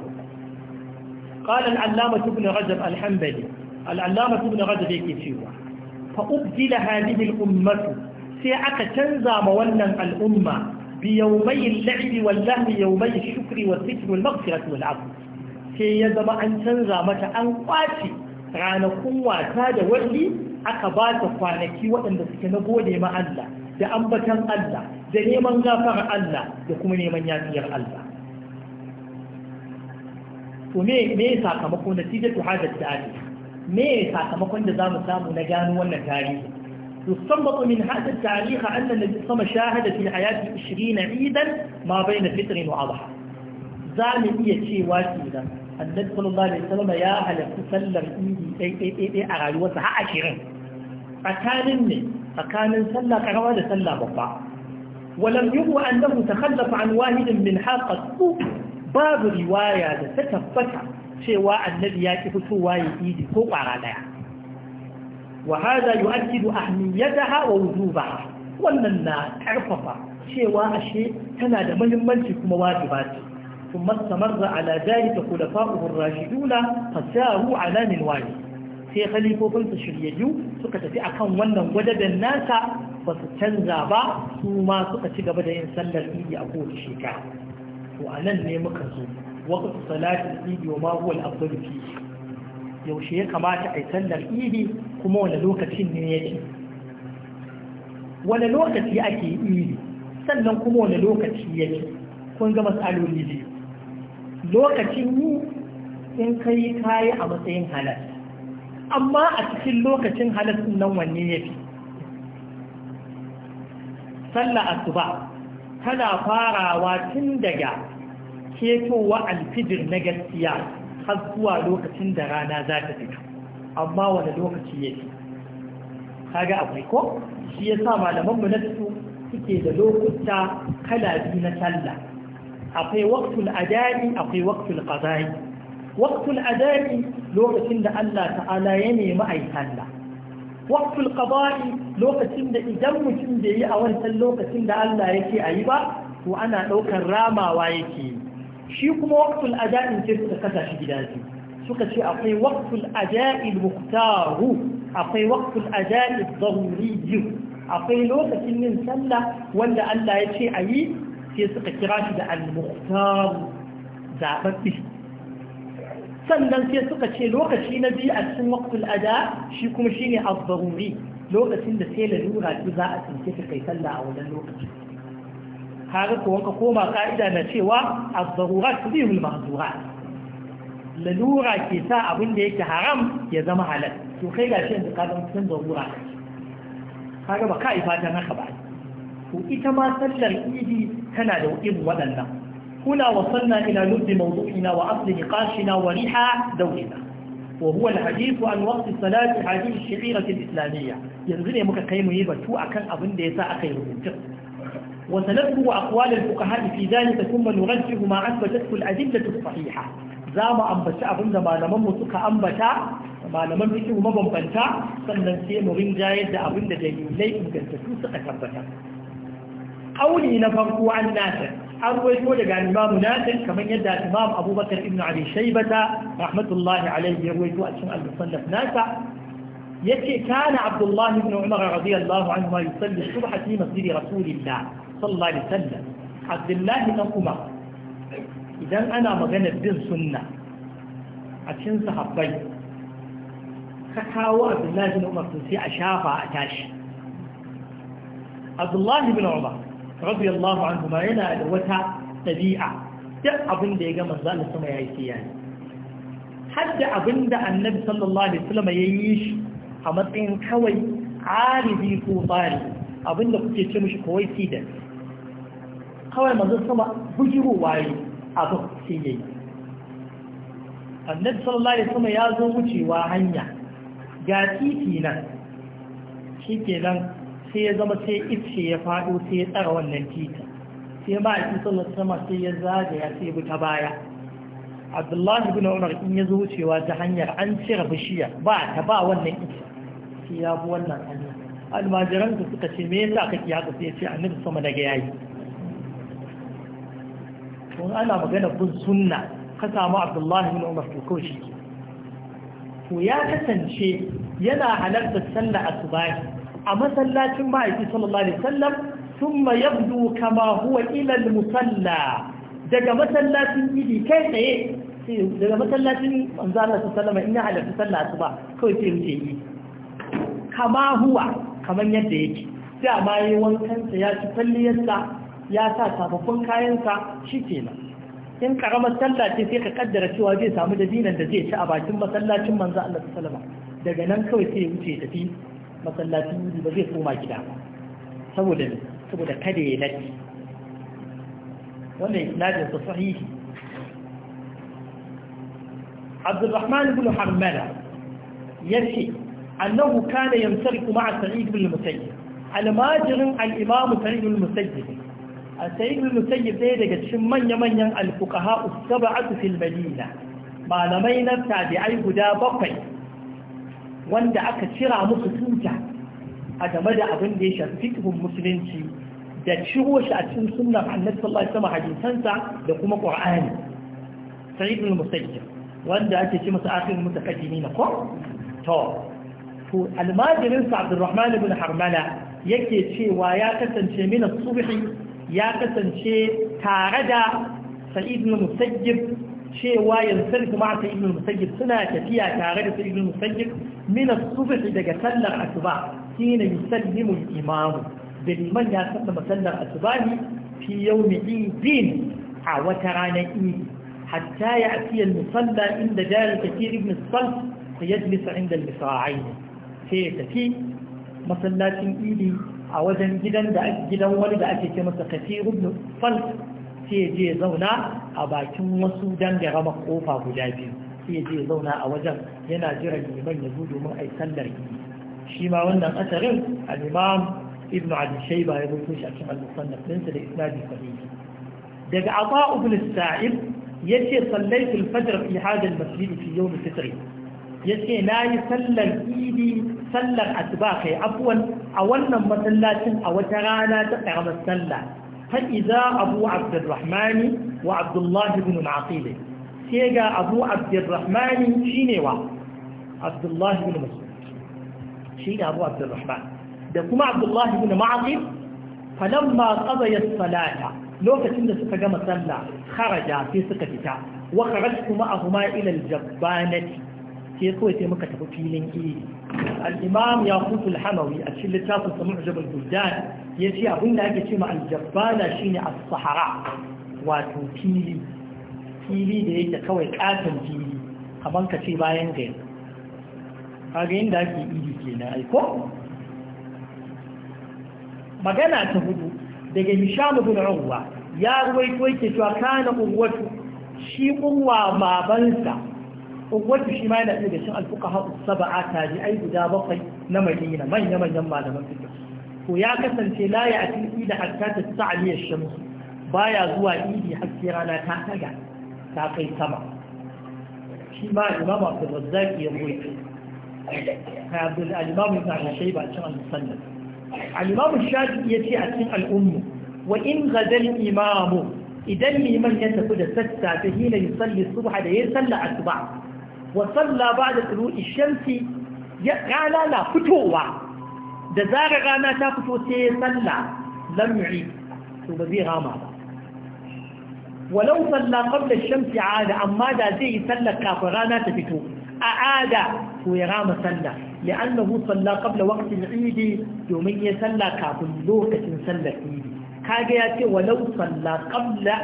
قال العلامة ابن رجب الحنبلي العلامة ابن رجب يكتشف فأبدل هذه الأمة سيعك تنزى مولى الأمة بيومي اللعب واللهو يومي الشكر والذكر والمغفرة والعفو sai ya zama an canza mata an ƙwace ranakun wata da wani aka bata kwanaki waɗanda suke na gode ma Allah da ambatan Allah da neman gafar Allah da kuma neman yafiyar Allah to me me sakamako natijatu hadat ta'ati me sakamakon da zamu samu na gano wannan tarihi يستنبط من هذا التاريخ أن النبي صلى الله عليه وسلم شاهد في حياته 20 عيدا ما بين فطر وأضحى زامن إيه شيء واكيدا النبي صلى الله عليه وسلم يا هل تسلم إيدي أي أي أي أي إيه، أغالي وسعى عشرين مني فكان سلى كغوال سلى بطا ولم يروى أنه تخلف عن واحد من حق السوق باب رواية ستفتح شيء النبي يكفي سوى إيدي فوق على wa haza yi wani kido a hawa wuzu ba wannan na ƙarfafa cewa ashe tana da mahimmanci kuma wajen ba ce sun matsamar da aladari da kula fa’uhun rashi duna fasaru a lamin wani sai halifofin su shiryayyu suka tafi akan wannan gwada gwadadan nasa ba su canza ba su ma suka ci gaba da yin sallar idi a kowace shekara to a nan ne muka zo wakil salatin idi wa mahu abdul fiye yaushe ya kamata a yi sallar idi kuma wani lokacin ne yake wani lokaci ake idi sannan kuma wani lokaci yake kun ga matsaloli biyu lokacin yi in kai kayi a matsayin halar amma a cikin lokacin halas nan wanne ya fi sallah asuba tana farawa tun daga ketowa alfijir na gaskiya har zuwa lokacin da rana za ta fito amma wani lokaci yake kaga akwai ko shi ya sa malamanmu na su suke da lokuta kala biyu na sallah akwai waqtul adani akwai waqtul qada'i waqtul adani lokacin da Allah ta'ala ya nemi ai sallah waqtul qada'i lokacin da idan mutum bai yi a wancan lokacin da Allah yake ayi ba to ana daukar ramawa yake yi shi kuma waqtul ada'in sai suka kasa shi gida biyu suka ce akwai waqtul ada'il muqtaru akwai waqtul ada'il daruriyyu akwai lokacin yin sallah wanda Allah ya ce ayi sai suka kira shi da al-muqtaru sannan sai suka ce lokaci na biyu a cikin waqtul ada shi kuma shine az-daruri lokacin da sai lalura za a tsinke ta kai sallah a wannan lokacin kaga ko wanka koma ka'ida na cewa az-zarurat tubihul mahzurat lalura ke sa abin da yake haram ya zama halal to kai ga shi yanzu kaga mutum zarura kaga ba kai fatan haka ba to ita ma sallar idi tana da irin waɗannan kuna wasanna ila lubbi mawdu'ina wa asli niqashina wa riha dawlina وهو الحديث عن وقت صلاة هذه الشعيرة الإسلامية ينزل يمك قيمه بتوء كان أبن ديسا أخير من جد وسنذكر أقوال الفقهاء في ذلك ثم نرجح ما أثبتته الأدلة الصحيحة زام أنبت عند ما لمن ان بشاء ما لمن مسك مبنبنت سننسي مرين جايد أبن دليلي إن كنت تسك تنبت قولي نفرق عن ناسا أروي قولك عن إمام ناسا كمن يدى الإمام أبو بكر بن علي شيبة رحمة الله عليه يروي قولك المصنف ناسا يتي كان عبد الله بن عمر رضي الله عنهما يصلي الصبح في مسجد رسول الله sallallahu alaihi abdullahi dan umar idan ana maganar bin sunna a cikin sahabbai ka kawo abdullahi bin umar sai a shafa a tashi abdullahi bin umar radiyallahu anhu ma yana da wata ɗabi'a duk abin da ya gama manzo Allah sama yayi sai yayi hadda abin da annabi sallallahu alaihi wasallam yayi shi a matsayin kawai aribi ko bari abin da kuke ce mishi kawai sidan kawai manzo sama bujiro waye abu shi yayi annabi sallallahu alaihi wasallam ya zo wucewa hanya ga titi nan nan sai ya zama sai ifshe ya fado sai ya tsara wannan titi sai ma a sallallahu sama sai ya zaga sai ya bi ta baya abdullahi ibn umar in ya zo wucewa ta hanyar an cire bishiya ba ta ba wannan ifshe sai ya bi wannan hanya almajiran suka ce me yasa kake haka sai ya ce annabi sama daga yayi in ana magana bin sunna ka samu abdullahi bin umar to kawai shi to ya kasance yana halartar sallah asubahi a masallacin ma'aiki sallallahu alaihi wasallam thumma yabdu kama huwa ila al-musalla daga masallacin idi kai tsaye daga masallacin manzo Allah sallallahu alaihi in ya halarta sallah asuba kawai sai wuce yi kama huwa kaman yadda yake sai amma yayi wankan sa ya ci falliyarsa ya sa sababbin kayansa shi kenan in karamar sallah ce sai ka kaddara cewa zai samu dabinan da zai ci a bakin masallacin manzo Allah sallama daga nan kawai sai ya wuce tafi masallacin yudi ba zai koma gida ba saboda saboda kada ya lati wannan isnadin sa sahihi Abdurrahman ibn Harmala yace annahu kana yamsariku ma'a Sa'id ibn al-Musayyib al-majirin al-Imam Sa'id ibn musayyib a sayyid musayyib ɗaya daga cikin manya-manyan alfuqaha usaba'atu fil madina malamai na tabi'ai guda bakwai wanda aka cira musu tuta a game da abin da ya shafi fiqhun musulunci da ciro shi a cikin sunnar annabi sallallahu alaihi wasallam hadisansa da kuma qur'ani sayyid musayyib wanda ake ce masa akhirul na ko to to almajirin sa Abdurrahman ibn Harmala yake cewa ya kasance min subhi ya kasance tare da sa'id ibn cewa yansarfu ma sa'id ibn suna tafiya tare da sa'id ibn min daga sallar asuba shine yusallimu al-imam da liman ya sallama sallar asuba ne fi yawmi idin a wata ranar idi hatta ya atiya musalla inda dari kathir ibn salt fa inda al-misra'ain sai ya tafi masallacin idi a wajen gidan da gidan wani da ake ce masa kafiru rubin fal sai je zauna a bakin wasu rama kofa guda biyu sai je zauna a wajen yana jiran liman ya zo domin a yi sallar shi ma wannan asarin al'imam ibn abi shaiba ya rubuto shi a cikin al-musannaf ɗinsa da isnadi sahihi daga aba ibn sa'id yace sallaitu al-fajr fi hada al-masjid fi yawm fitri ya ce na yi sallar idi sallar asuba kai abuwan a wannan masallacin a wata rana ta ƙaramar sallah za abu abdurrahmani wa abdullahi bin ma'aqili sai ga abu abdurrahmani shi ne wa abdullahi bin masud shi ne abu abdurrahman da kuma abdullahi bin ma'aqil falamma qadaya salata lokacin da suka gama sallar kharaja sai suka fita wa kharajtu ma'ahuma ila al-jabbanati sai kawai sai muka tafi filin idi e. al-imam ya kutu alhamawi a cikin littafin samun mu'jabul buldan ya ce abin da ake ce ma aljabbala shine as-sahara wato fili fili da yake kawai katon fili kamar ka ce bayan gari kaga inda ake iri kenan na aiko magana ta hudu daga hisham bin urwa ya ruwaito yake cewa kana urwatu shi urwa babansa uwatu shi ma yana daga cikin alfuqaha as-sab'a tabi'ai guda bakwai na Madina manya manyan malaman fiqh to ya kasance la ya ati ila hatta tasali ash-shams baya zuwa idi har sai rana ta taga ta kai sama shi ma Imam Abdul Razzaq ya ruwaito Abdul Al-Imam Ibn Shayba cikin al-Musannad Al-Imam Shafi'i yace a cikin al-Ummu wa in ghadal imamu idan liman ya tafi da sassa ta hina yusalli subha da ya salla asuba wa ba da tulu'i shamsi ya rana na fitowa da zarar rana ta fito sai ya salla lam to ba zai rama ba walau salla qabla shamsi ada amma da zai yi sallar kafin rana ta fito a ada to ya rama sallah li'annahu salla qabla waqti al domin ya salla kafin lokacin sallar eid kaga ya ce walau salla qabla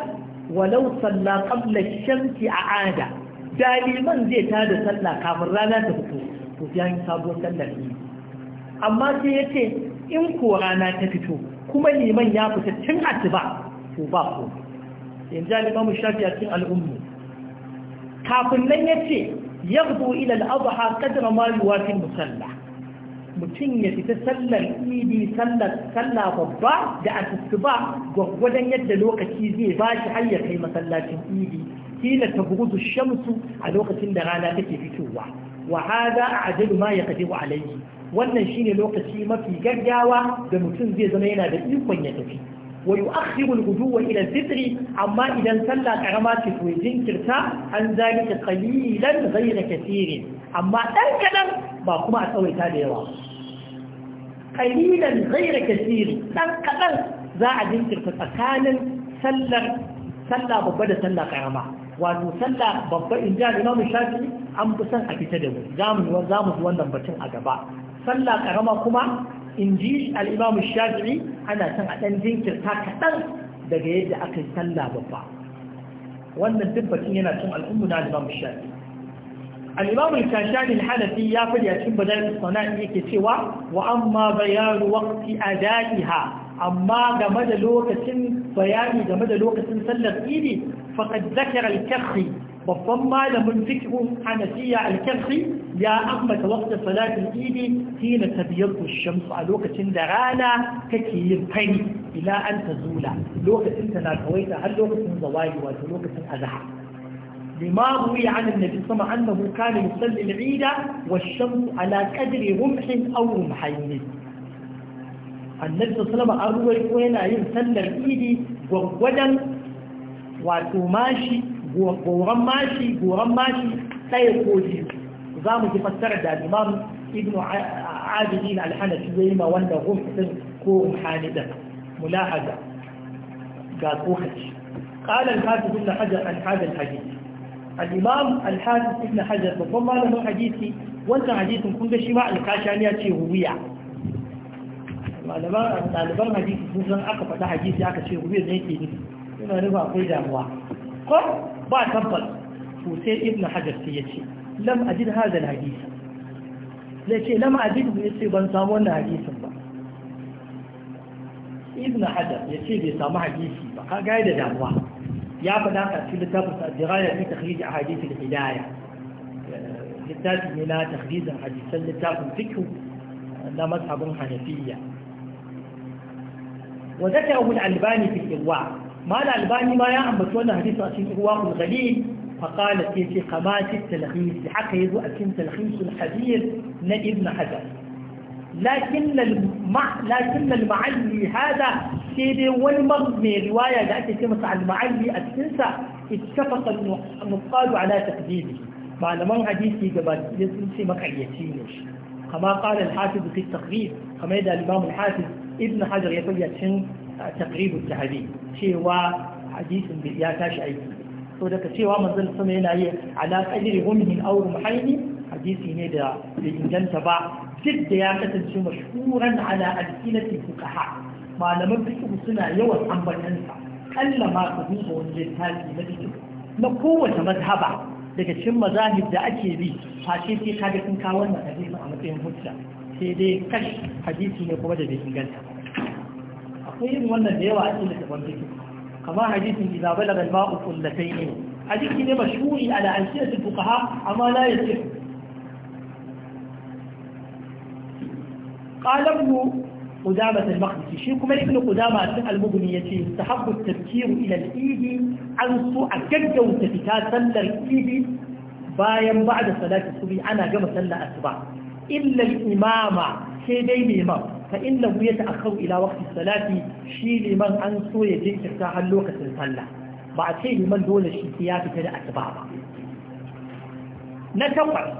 walau shamsi a ada da zai ta da sallah kafin rana ta fito to sai an sabo sallar ne amma sai ya ce in ko rana ta fito kuma liman ya fita tun asuba to ba ko yanzu mu shafi a cikin al'ummu kafin nan ya ce yabdo ila al'adha qadra ma yuwafi musalla mutum ya fita sallar idi sallar salla babba da asuba gwaggwadon yadda lokaci zai ba shi har ya kai masallacin idi kila ta buruzu shamsu a lokacin da rana take fitowa wa hada a ajalu ma ya kadiru alayhi wannan shine lokaci mafi gaggawa da mutum zai zama yana da ikon ya tafi wa yu'akhiru al-ghuduwa ila al-fitr amma idan sallah karama ce to jinkirta an zalika qalilan ghayra kathirin amma dan kadan ba kuma a tsawaita da yawa qalilan ghayra kathiri dan kadan za a jinkirta tsakanin sallar sallah babba da sallah karama wato sallah babba in ja imamu shafi an fi son a fita da mu za mu za mu wannan batun a gaba sallah karama kuma in ji al-imamu shafi'i ana son a dan jinkirta kaɗan daga yadda aka yi sallah babba wannan duk batun yana cin al'ummu na al-imamu shafi'i الإمام الكاشاني الحنفي يافد يتم بداية الصناعي كتوى وأما بيان وقت أدائها amma game da lokacin bayani game da lokacin sallar idi faqad zakara al-kahfi babban malamin fikhun hanafiya al-kahfi ya ambata waqtin salatin idi hina tafiyar ash-shams a lokacin da rana take yin fari ila an tazula lokacin tana na kawaita har lokacin zawayi wato lokacin azhar لما روي عن النبي صلى الله عليه وسلم أنه كان يصلي العيد والشمس على قدر رمح أو رمحين annabi sallama an ruwaito yana yin sallar idi gwaggwadan wato mashi goran mashi goran mashi ɗaya ko biyu za mu ji fassara da imam ibnu abidin alhanafi ya yi ma wanda gumfin ko ruhani mulahaza ga tsohaci قال الحافظ ابن حجر عن هذا الحديث الإمام الحافظ ابن حجر بفضل من حديثي وانت حديث كنت شماء الكاشانية شهوية malaman ɗaliban hadisi sun san aka faɗa hadisi aka ce ruwa ne ke nufi yana nufa akwai damuwa ko ba tabbas to sai ibn hajar sai ya ce lam ajid hadal hadisi zai ce lam ajid ya ce ban samu wannan hadisin ba ibn hajar ya ce bai samu hadisi ba ka gaya da damuwa ya faɗa a cikin littafin sa jiraya fi takhrij ahadith al-hidayah littafi ne na takhrijin hadisan littafin fiqh na mazhabin hanafiya وذكره الألباني في الإغواء ما الألباني ما يعمل وانا حديث أسين إغواء الغليل فقال في قمات التلخيص بحق يذو أسين تلخيص الحديث لابن حجر لكن المع... لكن المعلي هذا سيدي والمغز من رواية لأتي كما المعلي السنسة اتفق النقاد على تقديمه مع hadisi gabaki قبل ce makaryaci ne shi kama kala al-hafiz fi taqrib kama yadda ibn hajar ya cin taqribu tahabi cewa hadisin bai ya tashi aiki so daga cewa manzon sama yana yi ala qadri ummin aw muhayyi hadisi ne da bai inganta ba duk da ya kasance mashhuran ala alsinati fuqaha malaman fiqh suna yawan ambatansa kalla ma su duba wani littafi na fiqh na kowace mazhaba daga cikin mazahib da ake bi fashe sai ka ga kun kawo wannan hadisin a matsayin hujja sai dai kashi hadisi ne kuma da bai inganta akwai yin wannan da yawa a cikin littafin fiki kama hadisin idza balaga al-ma'u qullatayn hadisi ne mashhuri ala al-siyat al-fuqaha amma la yasih qala ibn قدامة المقدسي شي كما ابن قدامة المغني يتي يستحب التفكير إلى الإيد عن سوء جدو تفكا سلة الإيد باين بعد صلاة الصبح أنا قم سلة أتباع إلا الإمام سيدي الإمام فإنه يتأخر إلى وقت الصلاة شيء لمن أنسو يجيك تفتح اللوكة الصلاة بعد شيء لمن دول الشيكيات كده أتباعها نتوقع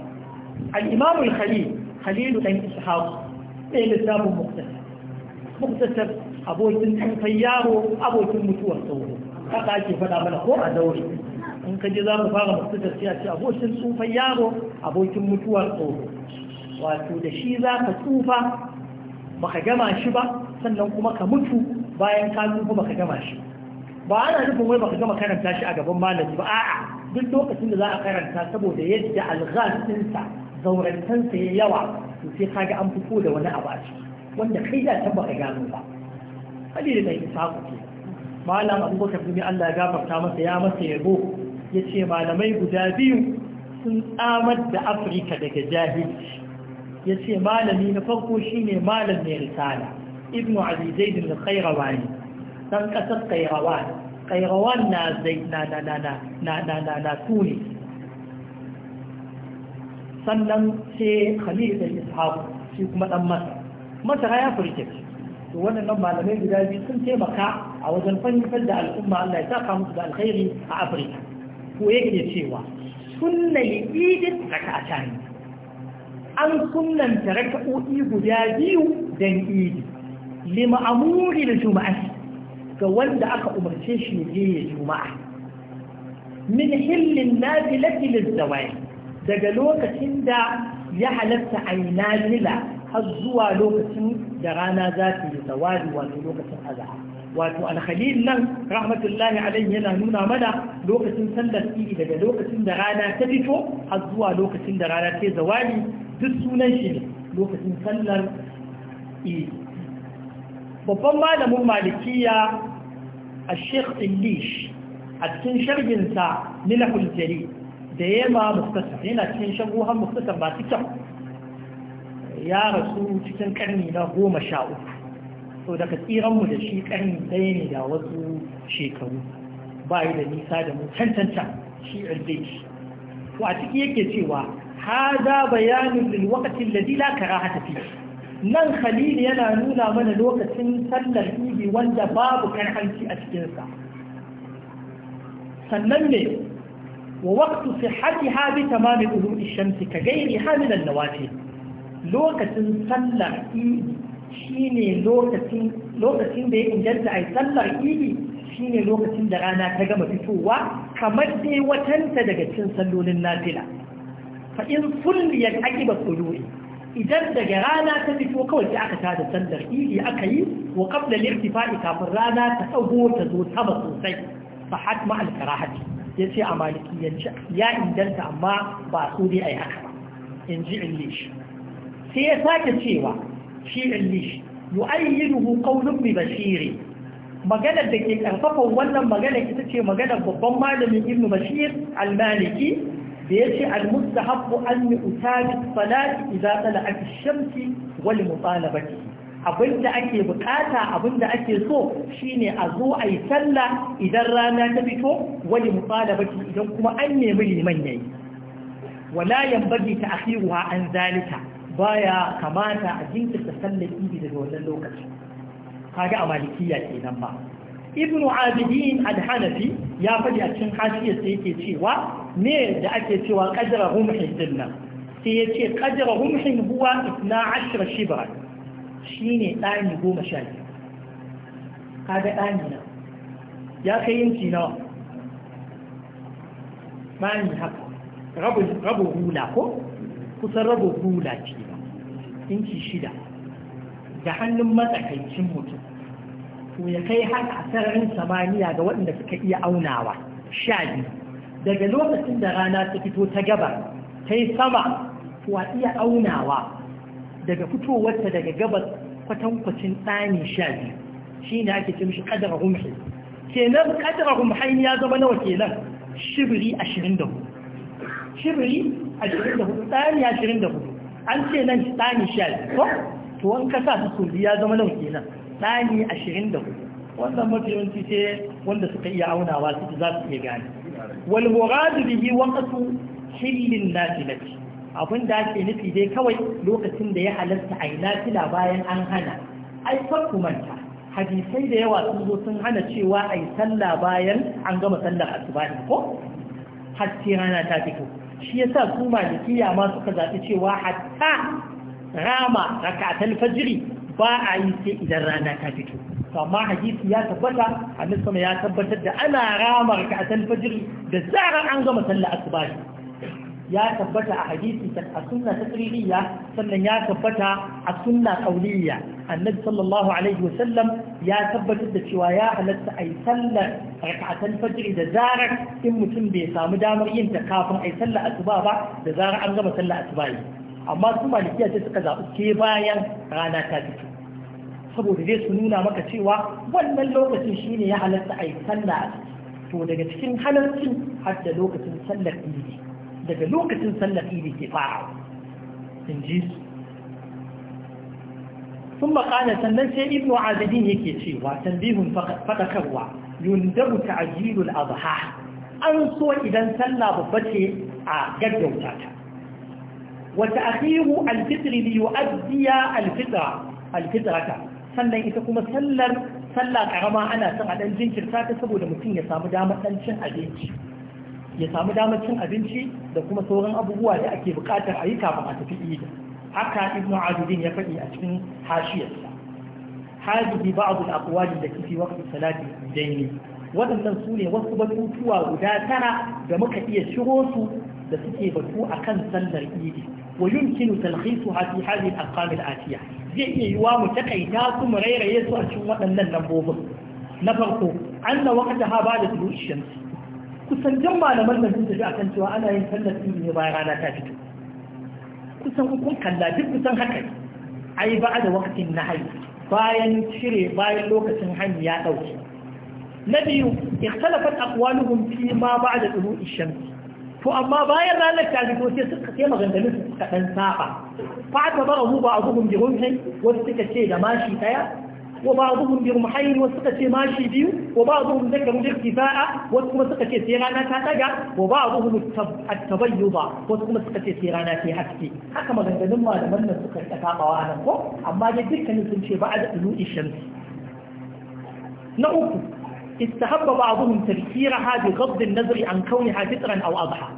الإمام الخليل خليل بن إسحاق إيه لساب مختصر مقتصر أبو تنسان سياره أبو تنمتوه صوره haka ake faɗa mana ko a daure in ka je za mu fara mutu da a ce abokin tsufan yaro abokin mutuwar tsoro wato da shi za ka tsufa baka gama shi ba sannan kuma ka mutu bayan ka tsufa baka gama shi ba ana nufin wai baka gama karanta shi a gaban malami ba a'a duk lokacin da za a karanta saboda yadda alghaz zaurantansa ya yawa to sai kaga an fito da wani abu a ciki wanda kai da ta baka gano ba hadiri mai isaku ke malam abubakar bin Allah ya gafarta masa ya masa yabo yace malamai guda biyu sun tsamar da Afirka daga jahilci ya ce malami na farko shi ne malam mai risala ibn azizai da kairawani ɗan ƙasar kairawani kairawan na zai na na na na na na na na tuni sannan sai khalil da ishaku shi kuma ɗan masa masara ya furke to waɗannan malamai guda biyu sun taimaka a wajen fahimtar da al'umma Allah ya saka musu da alkhairi a Afirka ko yake cewa sunna yi idin a cani. an sunanta raka'o'i guda biyu dan idi lima amuri da juma'a ga wanda aka umarce shi ne ya juma'a min hillin nafilati lizawai daga lokacin da ya halatta a yi nafila har zuwa lokacin da rana za ta yi zawari wato lokacin azahar wato alhalil nan rahmatullahi alaihi yana nuna mana lokacin sallar idi daga lokacin da rana ta fito har zuwa lokacin da rana ta zawali duk sunan shi ne lokacin sallar idi babban malamin malikiya a sheikh illish a cikin sharginsa milahul jari da ya ma mustasa yana cikin shagohan mustasa masu kyau ya rasu cikin karni na goma sha uku so daga tsiranmu da shi karni ɗaya ne da wasu shekaru ba yi da nisa da mu cancancan shi illish to a ciki yake cewa haza bayanin lil waqti alladhi la karahata fi nan khalil yana nuna mana lokacin sallar idi wanda babu karhanci a cikin sa sannan ne wa waqtu sihhatiha bi tamam dhuhuri shamsi ka gairi hamil an-nawafil lokacin sallar idi shine lokacin da ya inganta ai sallar idi shine lokacin da rana ta gama fitowa kamar dai watanta daga cikin sallolin nafila fa in fulliyat aqiba sujudi idan daga rana ta fito kawai sai aka tada sandar idi aka yi wa qabla al-irtifa'i kafin rana ta tsawo ta zo sama sosai fa hatma al ya ce a malikiyanci ya inganta amma ba su dai yi haka ba in ji English sai ya sake cewa shi English hu qawlun bi bashiri maganar da ke karfafa wannan magana ita ce maganar babban malamin Ibn Bashir al-Maliki da yace al-mustahabbu an yu'tali salati idza tala'at ash-shamsi wal mutalabati abinda ake bukata abinda ake so shine a zo a yi sallah idan rana ta fito wani mutalabati idan kuma an nemi liman yayi wala bagi ta akhiruha an zalika baya kamata a jinkirta sallar idi daga wannan lokaci kaga a malikiya kenan ba ibn abidin al-hanafi ya faɗi a cikin hashiyar sai yake cewa ne da ake cewa qadra rumhin dinnan sai ya ce qadra rumhin huwa 12 shibra shine ɗani goma sha biyu kaga ɗani na ya kai inci nawa ɗani haka rabu hula ko kusan rabu hula ce inci shida da hannun matsakaicin mutum to ya kai har a sararin samaniya ga waɗanda suka iya aunawa sha daga lokacin da rana ta fito ta gabar ta yi sama to a iya aunawa daga fitowarta daga gabas kwatankwacin tsani sha shi ne ake cimshi ƙadara humhi kenan ƙadara humhain ya zama nawa kenan shibiri ashirin da hudu shibiri ashirin da hudu tsani ashirin da hudu an ce nan tsani sha biyu to an kasa su ya zama nawa kenan tsani ashirin da hudu wannan mafi yawanci sai wanda suka iya aunawa su za su iya gane wal muradu bihi waqtu hillin nafilati abin da ake nufi dai kawai lokacin da ya halatta a nafila bayan an hana ai farko manta hadisai da yawa sun zo sun hana cewa ai sallah bayan an gama sallar asubahi ko hatta rana ta fito shi yasa su malikiya ma suka zaɓi cewa hatta rama rakatul fajri ba a yi sai idan rana ta fito to amma hadisi ya tabbata annabi sama ya tabbatar da ana ramar ka asal fajr da zarar an gama sallar asuba ya tabbata a hadisi a sunna tasririya sannan ya tabbata a sunna qauliyya annabi sallallahu alaihi wa sallam ya tabbatar da cewa ya halatta ai sallar rak'atan fajr da zarar in mutum bai samu damar yin ta kafin ai sallar asuba ba da zarar an gama sallar asuba amma su malikiya sai suka zaɓi ke bayan rana ta fito saboda zai su nuna maka cewa wannan lokacin shine ya halatta a yi sallah to daga cikin halarcin har da lokacin sallar idi daga lokacin sallar idi ke fara in ji su sun makana sannan sai ibnu azadin yake cewa tambihun fadakarwa yundabu ta'jilul adha an so idan sallah babba ce a gaggauta ta وتأخير الفطر ليؤدي الفطرة الفطرة sannan ita kuma sallar sallah karama ana son a dan jinkirta ta saboda mutum ya samu damar dan cin abinci ya samu damar cin abinci da kuma sauran abubuwa da ake bukatar a yi kafin a tafi idi haka ibn azudin ya faɗi a cikin hashiyarsa hadihi ba'd al-aqwali da kifi waqti salati daini waɗannan su ne wasu batutuwa guda tara da muka iya ciro su da suke batu akan sallar idi ويمكن تلخيصها في هذه الأرقام الآتية زي يوام تقيتاكم غير يسوع شوة أن النبوب نفرق أن وقتها بعد طلوع الشمس kusan jan malaman nan sun a kan cewa ana yin sallar ɗin ne bayan rana ta fito kusan kun kalla duk kusan haka ne ai ba da waktin na hali bayan cire bayan lokacin hanyar ya ɗauke na biyu ikhtalafat aqwaluhum ma ba'da to amma bayan ranar ta fito sai suka sai maganganun su suka dan saba fa ta bara hu ba abuhum bi rumhin wasu suka ce da mashi daya Ko ba abuhum bi rumhain wasu suka ce mashi biyu Ko ba abuhum da kan irtifa'a wasu kuma suka ce sai rana ta daga Ko ba abuhum at-tabayyuba wasu kuma suka ce sai rana ta haske haka maganganun malaman nan suka tsaka bawa nan ko amma dai dukkanin sun ce ba a da ulu shamsi na uku istahabba ba'dhum tafsiraha bi ghadd an-nazr an kawniha fitran aw adha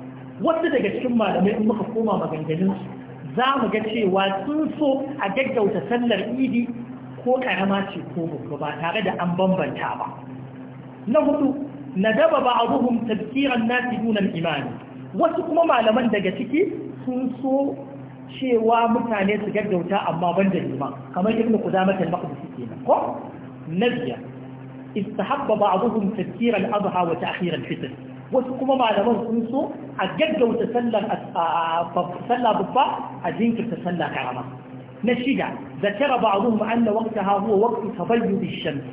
wanda daga cikin malamai in muka koma maganganun su za mu ga cewa sun so a gaggauta sallar idi ko karama ce ko babba ba tare da an bambanta ba na hudu nadaba ba'dhum tafsiran nasi duna al-iman wasu kuma malaman daga ciki sun so cewa mutane su gaggauta amma ban da liman kamar ibn qudamah al-maqdisi kenan ko nabiya istahabba ba'dhum tafsir al-adha wa ta'khir al-fitr wasu kuma malaman sun so a gaggauta sallar sallah babba a jinkirta sallah karama na shida zakara ba'dhum anna waqtaha huwa waqtu tabayyud ash-shams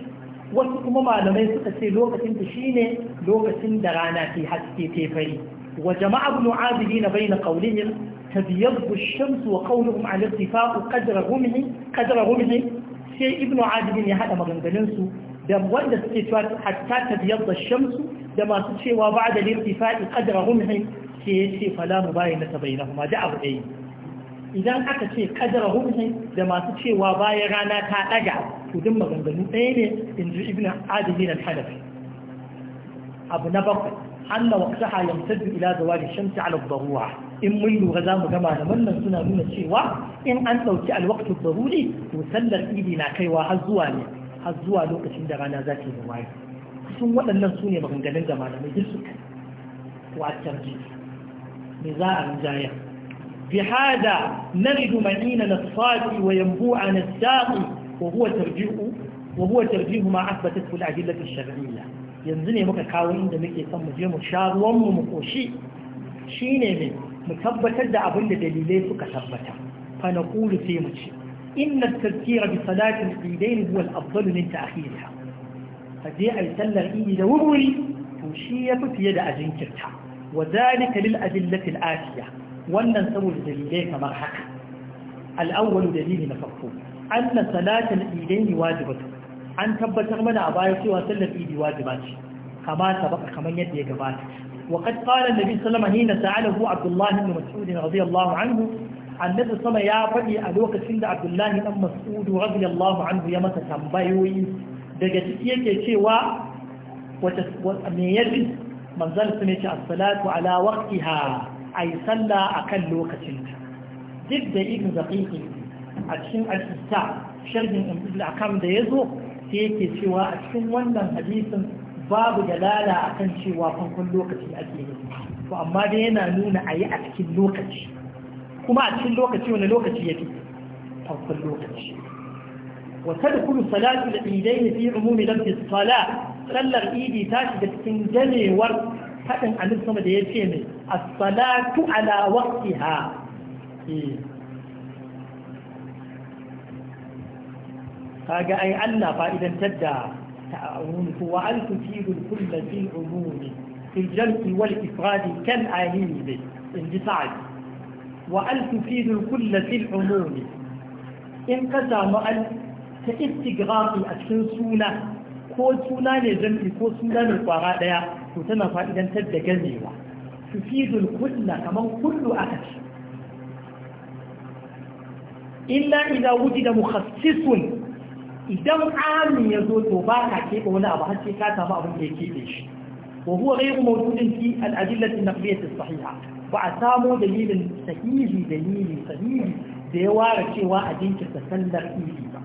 wasu kuma malamai suka ce lokacin ta shine lokacin da rana ke haske ta fari wa jama'a ibn abidi na bayyana qawlihim tabyadu ash-shams wa qawluhum 'ala irtifa'u qadra rumhi qadra rumhi sai ibn abidi ya hada maganganun su da wanda suke cewa hatta ta biyar da shamsu da masu cewa ba da lirtifa'i kadara humhin ke ya ce fala mu bayan na tabai na kuma da abu ɗaya idan aka ce kadara humhin da masu cewa bayan rana ta ɗaga to maganganu ɗaya ne in ji ibn adilin al-hanafi abu na bakwai anna waqtaha yamtaddu ila zawali shamsi ala ad in mun lura za mu gama da wannan suna nuna cewa in an ɗauki alwaqtu daruri to sallar idi na kaiwa har zuwa ne har zuwa lokacin da rana za ta yi waye sun waɗannan su ne maganganun da malamai duk suka wacar ji me za a rinjaya بهذا Wa معيننا الصادق وينبوعنا الساقي وهو ترجيح وهو ترجيح ما أثبتته الأدلة الشرعية yanzu ne muka kawo inda muke son mu je mu sha ruwanmu mu koshi shine ne mu tabbatar da abin da dalilai suka tabbata fa na sai mu ce إن التذكير بصلاة العيدين هو الأفضل من تأخيرها فجاء يسلى العيد دوري توشية في يد أجنكرتها وذلك للأدلة الآتية وننسوا الدليلين كما حكى الأول دليل نفقه أن صلاة العيدين واجبة أن تبتغ من أبايا سوى صلى العيد واجبات كما سبق كما يدي جبات وقد قال النبي صلى الله عليه وسلم حين سأله عبد الله بن مسعود رضي الله عنه annabi sama ya faɗi a lokacin da abdullahi dan mas'udu radiyallahu anhu ya masa tambayoyi daga ciki yake cewa wata me yafi manzal sun ce as-salatu ala waqtiha ay salla akan lokacin duk da ibn zaqiqi a cikin al sharhin ibn akam da yazo sai yake cewa a cikin wannan hadisin babu dalala akan cewa farkon lokaci ake yi to amma dai yana nuna ayi a cikin lokaci kuma a cikin lokaci wani lokaci ya fi farkon lokaci وتدخل صلاة العيدين في عموم لفظ الصلاة صلى العيد تاشد تنجلي ورد فإن أن السماء يتيمي الصلاة على وقتها فقا أي أن فإذا تدى تعاون وأن تفيد الكل في العموم في الجمع والإفراد كالآهيم إن جسعت wa’al tufidu kullafin umuri in kasa ma’al ta istigrafi a cikin suna ko suna ne ko suna ne kwara ɗaya to tana fa’idantar da ganewa tufidu kulla kamar kullu a kashi illa iza wuce da mukhassisun idan ami ya zo to ba ka keɓe wani abu har sai ka samu abin da ya keɓe shi wa huwa ghayru mawjudin fi al-adillati an-naqliyati as-sahiha ba a samo dalilin sahihi dalilin sahihi da ya ware cewa a jinkirta sallar idi ba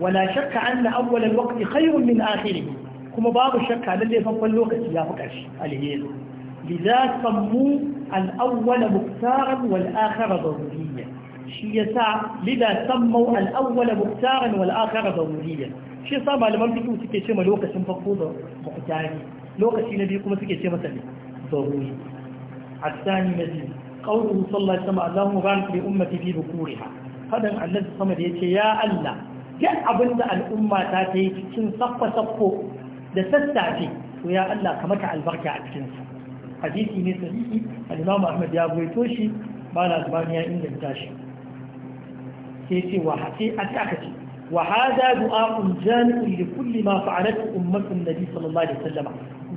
wala shakka anna awwalal waqti khayrun min akhirih kuma babu shakka lalle farkon lokaci ya fi ƙarshe alheri لذا سموا الأول مختارا والآخر ضروريا شي يسع لذا سموا الأول مختارا والآخر ضروريا شي صار معلمان بيكو سكي شما لوكا شما فقوضة مختاري لوكا شي نبيكو ما سكي شما سمي ضروري الثانية قوله صلى الله عليه وسلم اللهم بارك لأمتي في بكورها هذا الذي صمد يتي يا الله جاء أبن الأمة تاتي كن صف صفو لسستاتي ويا الله كمك البركة أتكنس حديثي من صحيح الإمام أحمد يا أبو يتوشي بالا أسبانيا إن التاشي سيسي وحسي أتأكسي وهذا دعاء جامع لكل ما فعلته أمة النبي صلى الله عليه وسلم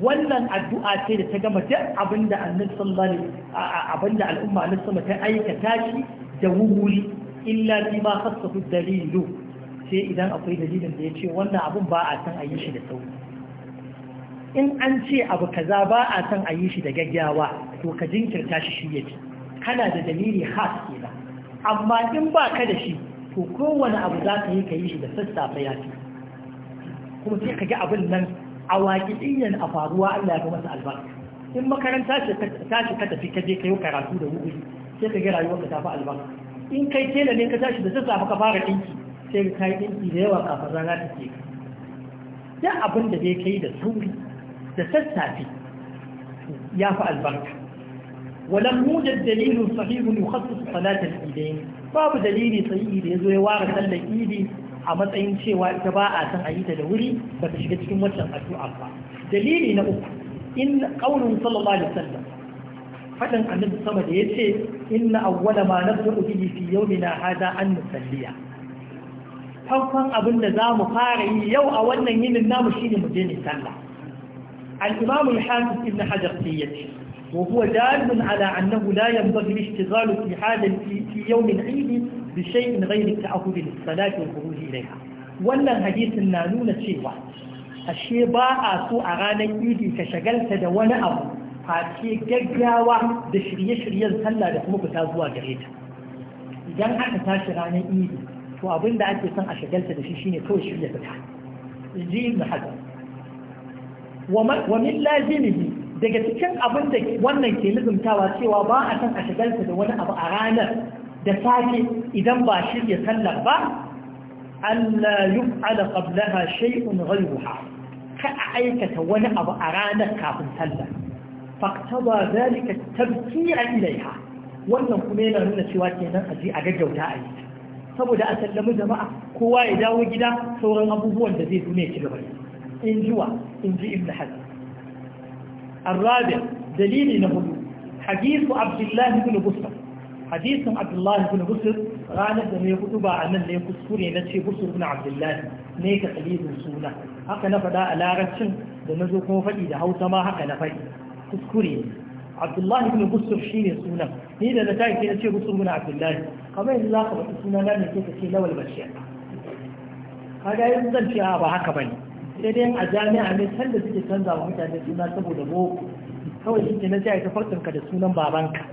wannan addu'a ce da ta gama duk abinda annabi sallallahu abinda al'umma annabi sama ta aikata shi da wuri illa bi ma khassahu dalilu sai idan akwai dalilin da ya ce wannan abun ba a san a yi shi da sauri in an ce abu kaza ba a san a yi shi da gaggawa to ka jinkirta shi shi yake kana da dalili khas kenan amma in ba ka da shi to kowane abu za ka yi ka yi shi da sassafe ya fi kuma sai ka ga abin nan a waƙiɗiyan a faruwa Allah ya fi masa albarka in makaranta shi ka tafi ka je ka yi karatu da wuri sai ka ga rayuwar ka tafi albarka in kai tela ne ka tashi da sassafe ka fara ɗinki sai ka yi ɗinki da yawa kafin rana ta ke duk abin da zai kai da sauri da sassafe ya fi albarka ولم يوجد دليل babu يخصص صلاة da ya zo ya ware وارد الإيدي a matsayin cewa ita ba a san a yi ta da wuri ba ta shiga cikin wancan addu'a ba dalili na uku in qaulun sallallahu alaihi wasallam fadin annabi sama da yace inna awwala ma nabda'u bihi fi yawmina hada an nusalliya farkon abin da za mu fara yi yau a wannan yinin namu shine mu je ne sallah al-imam al-hafiz ibn hajar yace وهو دال على أنه لا ينبغي الاشتغال في حال في يوم العيد بشيء غير التعهد للصلاة والخروج إليها wannan hadisin na nuna cewa ashe ba a so a ranar idi ka shagalta da wani abu face gaggawa da shirye-shiryen sallah da kuma fita zuwa gare ta idan aka tashi ranar idi to abin da ake son a shagalta da shi shine kawai shirya fita ji ibn hajar wa min lazimihi daga cikin abin da wannan ke lizumtawa cewa ba a son a shagalta da wani abu a ranar da safe idan ba shirya sallar ba Allah yuf'ala qablaha shay'un ghayruha ka aikata wani abu a ranar kafin sallar faqtaba zalika tabkiran ilaiha wannan kuma yana nuna cewa kenan aji a gaggauta a yi saboda a sallami jama'a kowa ya dawo gida sauran abubuwan da zai duniya ci gaba in jiwa in ji ibn hazm الرابع دليل له حديث عبد الله بن hadisin abdullahi bin busur ranar da mai hudu ba a nan ne kuskure na ce busur bin abdullahi ne ka kalibin suna haka na faɗa a larabcin da na zo kuma faɗi da hausa ma haka na faɗi kuskure ne abdullahi bin busur shi ne sunan ni da na tashi na ce busur bin abdullahi kamar yanzu za ka faɗi suna na ne ka ce lawal bashir kaga yanzu zan ce ba haka ba ne sai dai a jami'a ne can da suke canza wa mutane suna saboda boko kawai shi ke na ce a yi farkonka da sunan babanka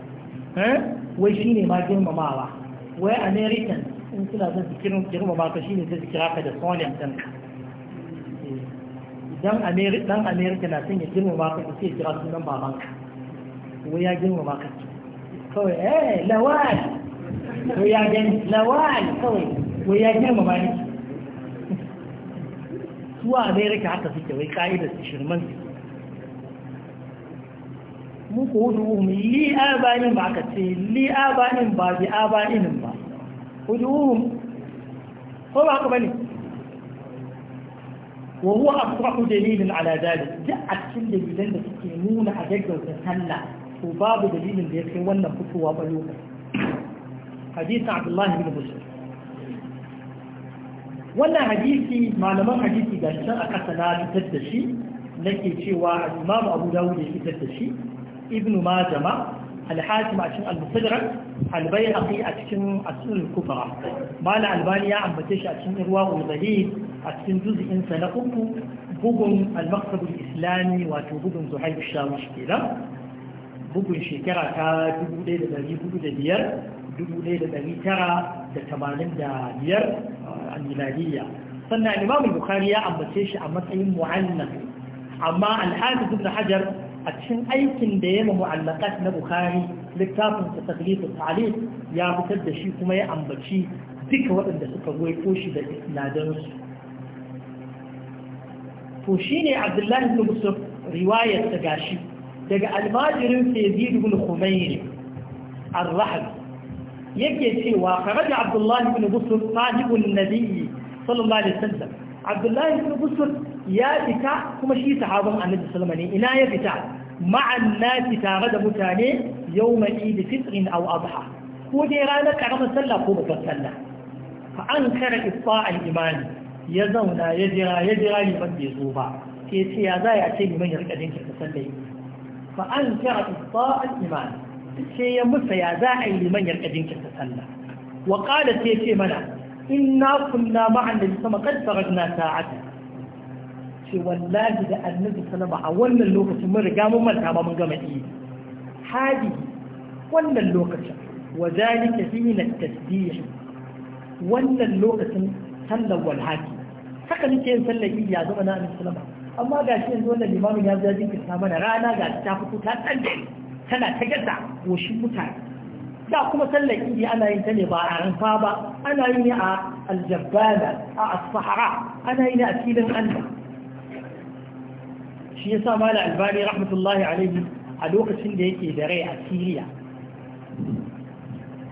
Eh? wai shi ne ma girmamawa wai american in suna son su girmama ka shi ne zai su kira ka da sonem ɗinka eh. idan ɗan america na son ya girmama ka sai kira sunan babanka wai ya girmama ka kawai eh lawal wai ya gani lawal kawai wai ya girmama ni su a america haka suke wai ka'idar su shirman su mu ko huduhum li aba'in ba ka ce li aba'in ba bi aba'in ba huduhum ko ba ku bane wa huwa afrahu dalilin ala dalik da a cikin dalilan da suke nuna a gaggauta sallah to babu dalilin da ya kai wannan fitowa ba lokaci hadisin abdullahi bin bushr wannan hadisi malaman hadisi ga shi a kasa na da shi nake cewa imamu abu dawud ya fitar da shi ibn majama alhakim a cikin al-musadrak a cikin asul kubra mala albani ya ambace shi a cikin ruwa ulzahid a cikin juz'in na uku bugun al-maqsad islami wato bugun zuhaib shawish kenan bugun shekara ta 1405 a miladiyya sannan imam bukari ya ambace shi a matsayin mu'allaf amma al-hafiz hajar a cikin aikin da ya mu'allakat na bukari littafin sa taglifu ta'alif ya fitar da shi kuma ya ambaci duka waɗanda suka goyi shi da isnadansu to shine Abdullahi ibn Yusuf riwayar ta gashi daga almajirin Yazid ibn Khumayr ar-Rahb yake cewa kharaja Abdullahi ibn Yusuf sahibun nabiy sallallahu alaihi wasallam Abdullahi ibn Yusuf ya fita kuma shi sahabban annabi sallama ne ina ya fita ma'an nasi tare da mutane yau mai idi fitrin au adha ko dai ranar karamar sallah ko babbar sallah fa an kara ifa'al imani ya zauna ya jira ya jira liman bai zo ba sai ce ya za a ce liman ya rika jinkin ta sallah fa an kara ifa'al imani sai ya musa ya za a yi liman ya rika jinkin ta sallah wa qala sai ce mana inna kunna ma'an nabi sama kad farajna sa'atan ce wallahi da annabi salama a wannan lokacin mun riga mun manta ba mun gama iya hadi wannan lokacin wa zalika hina tasbih wannan lokacin sallar walhadi haka nake yin sallar ya zama na annabi salama amma ga shi yanzu wannan limamin ya zaji kirta mana rana ga ta fito ta tsalle tana ta gaza goshin mutane da kuma sallar idi ana yin ta ne ba a ran ba ana yin ne a aljabbala a asfahara ana yin ne a filin allah shi ya sa mala albani rahmatullahi alaihi a lokacin da yake da rai a siriya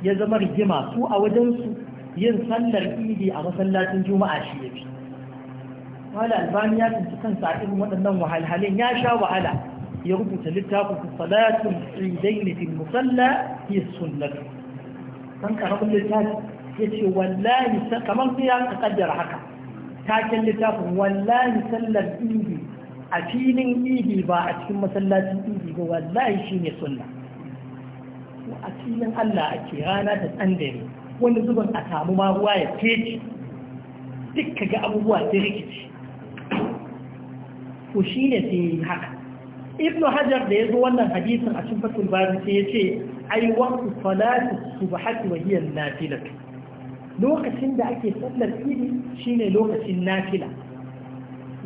ya zama rigima su a wajensu yin sallar idi a masallacin juma'a shi ya fi mala albani ya tuntu kan a waɗannan wahalhalin ya sha wahala ya rubuta littafin salatun idaini fil musalla fi sunnati kan karamin littafi ya ce wallahi kamar sai ya kaddara haka taken littafin wallahi sallar idi a filin idi ba a cikin masallacin idi ba wallahi shine sunna a filin Allah ake rana ta tsandare wani zuban a samu ma ruwa ya fece duk ka ga abubuwa ta rikici ko shi ne sai haka ibn hajar da ya zo wannan hadisin a cikin fatul bari sai ya ce ai waqtu salati subhati wa hiya nafilatu lokacin da ake sallar idi shine lokacin nafila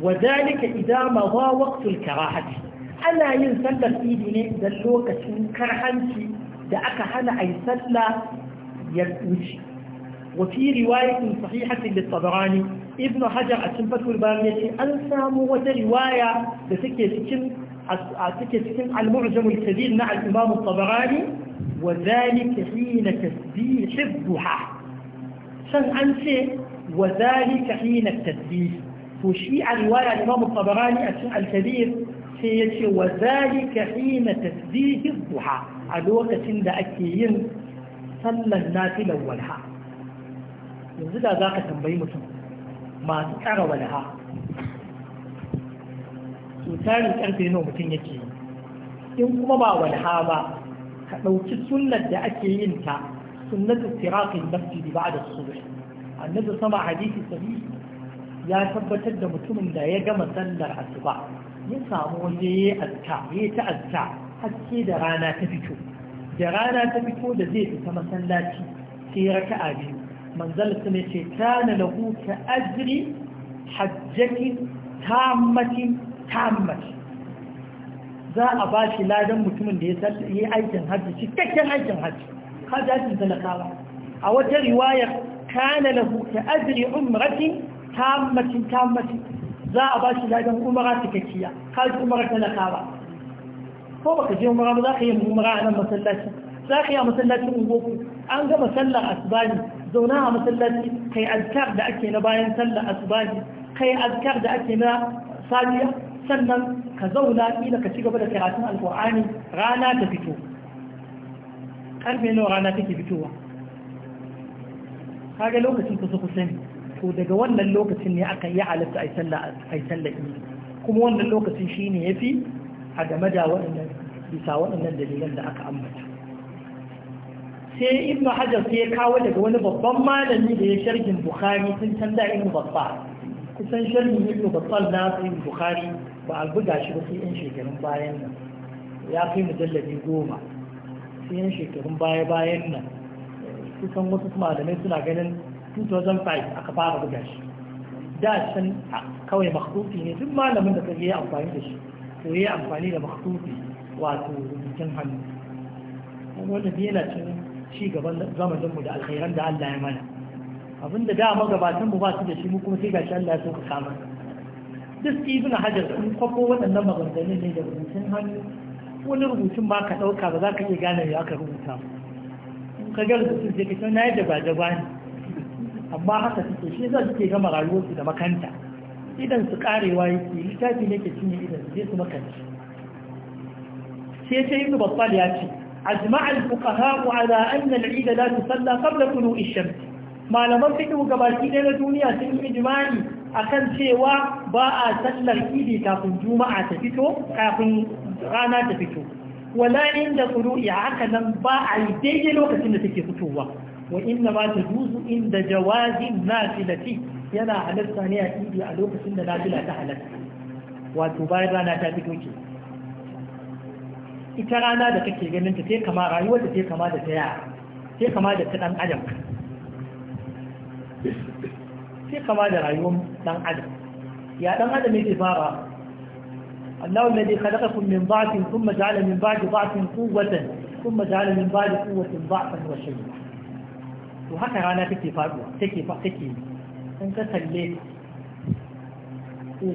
وذلك إذا مضى وقت الكراهة أنا ينسل في ديني دلوك كرهنتي دعك هنا أي سلة يلوشي وفي رواية صحيحة للطبراني ابن حجر أتنفته البارية أنسام وترواية رواية سكن سكن المعجم الكبير مع الإمام الطبراني وذلك حين تسبيح الضحى شن أنسي وذلك حين التسبيح to shi a riwaya Imam mamu tabarani a cikin al alkabir sai ya ce wa zalika hina tasbihi duha a lokacin da ake yin sallar nafilan walha yanzu da za ka tambayi mutum masu tsara walha to tarin karfe nawa mutum yake yi in kuma ba walha ba ka ɗauki sunnar da ake yin ta sunnatu firaqin masjidi ba'da subh annabi sama hadisi sahihi ya tabbatar da mutumin da ya gama sallar asuba ya samu waje ya azka ya ta azka haske da rana ta fito da rana ta fito da zai fita masallaci sai raka'a biyu manzal sun ce kana lahu ka ajri hajjatin tammatin tammatin za a ba shi ladan mutumin da ya yi aikin hajji cikakken aikin hajji hajjajin talakawa a wata riwayar kana lahu ka ajri umratin tammacin tammacin za a ba shi ladan umara cikakkiya ka ji umara talakawa ko baka je umara ba za ka yi umara a nan masallaci za ka yi a masallacin ungoku an gama sallar asibani zauna a masallaci kai azkar da ake na bayan sallar asibani kai azkar da ake na safiya sannan ka zauna ila ka ci gaba da karatun alkur'ani rana ta fito karfe nawa rana take fitowa kaga lokacin kusa kusa ne to daga wannan lokacin ne aka yi halatta a yi sallar kuma wannan lokacin shi ne ya fi a game da waɗannan bisa waɗannan dalilan da aka ambata sai ibnu hajar sai ya kawo daga wani babban malami da ya shargin bukhari tun can da ibnu babba kusan shargin ibnu babba na ibnu bukhari ba a buga shi ba sai yan shekarun bayan nan ya kai mujallabi goma sai yan shekarun baya bayan nan kusan wasu malamai suna ganin 2005 aka fara buga shi da can kawai makhdufi ne duk malamin da ka yi amfani da shi to yi amfani da makhdufi wato rubutun hannu wanda yana cin ci gaban zamaninmu da alkhairan da Allah ya mana abinda da magabatan mu ba su da shi mu kuma sai gashi Allah ya so kama. samu duk ibn hajar sun kwafo waɗannan maganganun ne da rubutun hannu wani rubutun ba ka ɗauka ba za ka iya gane ya aka rubuta in ka ga rubutun sai ka san na yi da ba da bani amma haka suke shi za su ke gama rayuwarsu da makanta idan su karewa yake littafi ne ke cinye idan su je su makanci sai sai ibnu battal ya ce ajma'a al-fuqaha ala anna al-eid la tusalla qabla tulu'i ash-shams malaman fiqh gabaki ɗaya na duniya sun yi ijma'i akan cewa ba a sallar idi kafin juma'a ta fito kafin rana ta fito wala inda tulu'i haka nan ba a yi daidai lokacin da take fitowa وإنما تجوز عند جواز نافلة ينا على الثانية تيدي على لوكس إن نافلة تحلت وتبايد رانا تابت وجه إترى أنا دا تكي جنن تتي كما رايوة تتي كما دا تياع تتي كما دا تتن عجم تتي كما دا رايوم تن عجم يا أنا هذا ميدي فارا الله الذي خلقكم من ضعف ثم جعل من بعد ضعف قوة ثم جعل من بعد قوة ضعفا وشيئا to haka rana take faduwa take fa take in ka kalle sai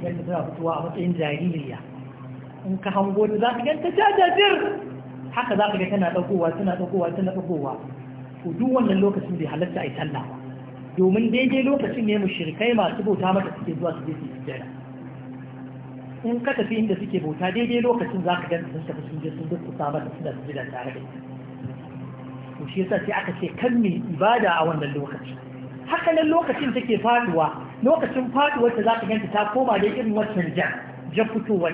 ga ta fitowa a matsayin jaririya in ka hango ta za ka ganta jajir haka za ka ga tana dagowa tana dagowa tana dagowa to duk wannan lokacin bai halatta a yi sallah ba domin daidai lokacin ne mushrikai masu bauta mata suke zuwa su je su yi in ka tafi inda suke bauta daidai lokacin za ka ga sun tafi sun je sun samar da suna da tare da ita shi yasa sai aka ce kan mai ibada a wannan lokaci haka nan lokacin take faduwa lokacin faduwar ta zaka ganta ta koma da irin wancan jan ja fitowar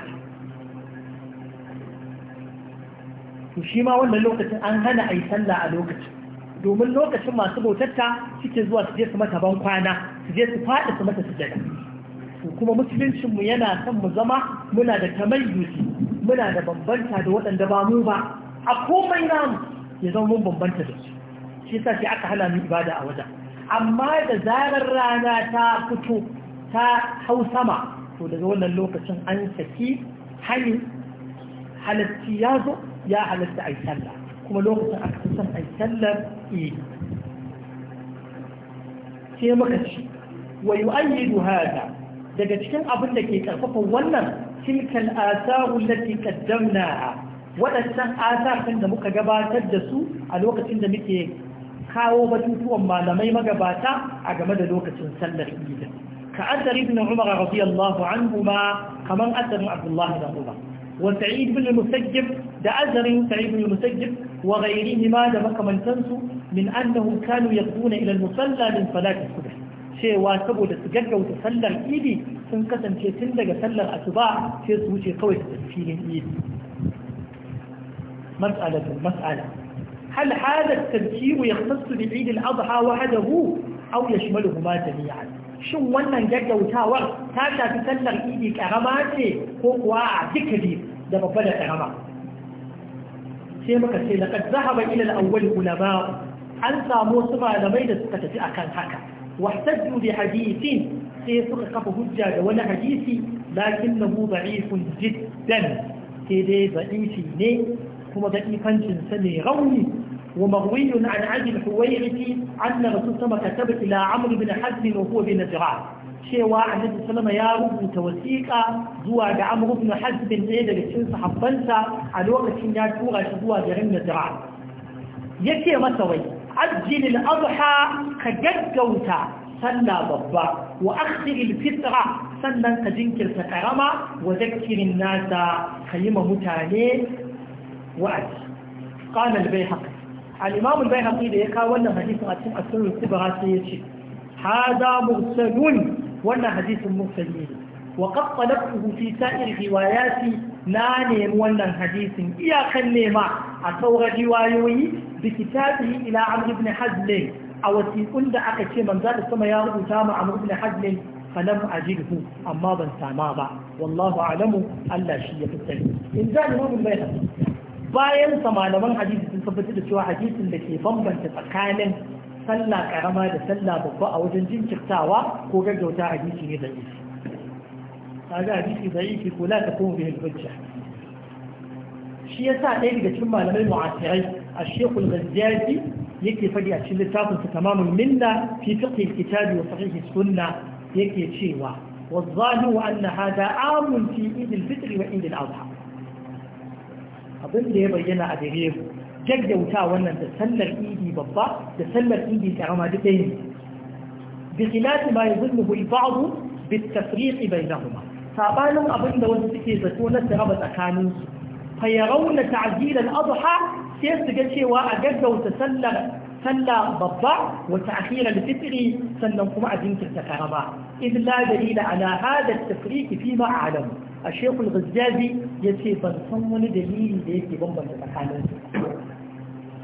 to shi ma wannan lokacin an hana ayi sallah a lokacin domin lokacin masu bautarta suke zuwa su je su mata ban kwana su je su faɗi su mata sujada to kuma mu yana son mu zama muna da tamayyuzi muna da bambanta da waɗanda ba mu ba a komai namu ya zama mun bambanta da su shi sa sai aka hana mu ibada a wajen amma da zarar rana ta fito ta hau sama to daga wannan lokacin an saki hani halatti ya zo ya halatta a sallah kuma lokacin aka fi son a sallar sai muka ci wa yi hada daga cikin abin da ke karfafa wannan tilkal asaru lati qaddamnaha waɗannan asafin da muka gabatar da su a lokacin da muke kawo batutuwan malamai magabata a game da lokacin sallar idi ka asar ibn umar radiyallahu anhu ma kaman asarin abdullah da umar wa sa'id ibn musajjib da asarin sa'id ibn musajjib wa ghairihi ma da makamantansu min annahum kanu yaquna ila al-musalla min salati cewa saboda su gaggauta sallar idi sun kasance tun daga sallar asuba sai su wuce kawai su filin idi مسألة مسألة هل هذا التذكير يختص بعيد الأضحى وحده أو يشملهما جميعا shin wannan gaggautawar ta shafi sallar idi karama ce ko kuwa a zikiri da babba karama sai maka ce da kad zahaba ila al-awwal an samu su malamai da suka tafi akan haka wahtajju bi hadithin sai suka kafa hujja da wani hadisi lakinnahu da'ifun jiddan sai dai da'ifi ne kuma da ifancin sa ne rauni wa marwi an abi al anna rasul sama kataba ila amr bin hazm wa huwa bin najran cewa annabi sallama ya rubuta wasiƙa zuwa ga amr bin hazm ɗaya daga cikin sahabbansa a lokacin ya tura shi zuwa garin najran yake masa wai ajjil al-adha ka gaggauta sallah babba wa akhiril fitra sannan ka jinkirta karama wa zakirin nasa ka yi ma mutane wa'azi qala al-bayhaqi al-imam al-bayhaqi da ya kawo wannan hadisin a cikin as-sunan kubra sai ya ce hada mursalun wannan hadisin mursali ne wa qad talabtuhu fi sa'ir riwayati na nemi wannan hadisin iyakan nema a sauran riwayoyi bi kitabi ila amr ibn hazm a wasiqun da aka ce manzo da sama ya rubuta mu amr ibn hazm falam ajidhu amma ban sama ba wallahu a'lamu Allah shi ya fi in za ni mabin bai bayan sa malaman hadisi sun tabbatar da cewa hadisin da ke bambanta tsakanin sallah karama da sallah babba a wajen jinkirtawa ko gaggauta hadisi ne da isi kaga hadisi da yake ko la takun bihi al-hujja shi yasa ɗaya daga cikin malamai mu'asirai a shekul gazzaji yake faɗi a cikin littafin sa tamamun minna fi fiqh al wa sahih sunna yake cewa والظاهر أن هذا عام في عيد الفطر وعيد الأضحى abin da ya bayyana a gare mu gaggauta wannan da sallar idi babba da sallar idi karama duk ɗaya ne bi khilafi ma yuzunnu al ba'd bi tafriq bainahuma sabanin abin da wasu suke zato na taraba tsakanin su fa yarawna ta'jil al adha sai su ga cewa a gaggauta sallar sallah babba wa ta'khir al-fitri sannan kuma a jinkirta karama idh la dalila ala hada at-tafriq fi ma a'lam ya ce ban san wani dalili da yake bambanta tsakanin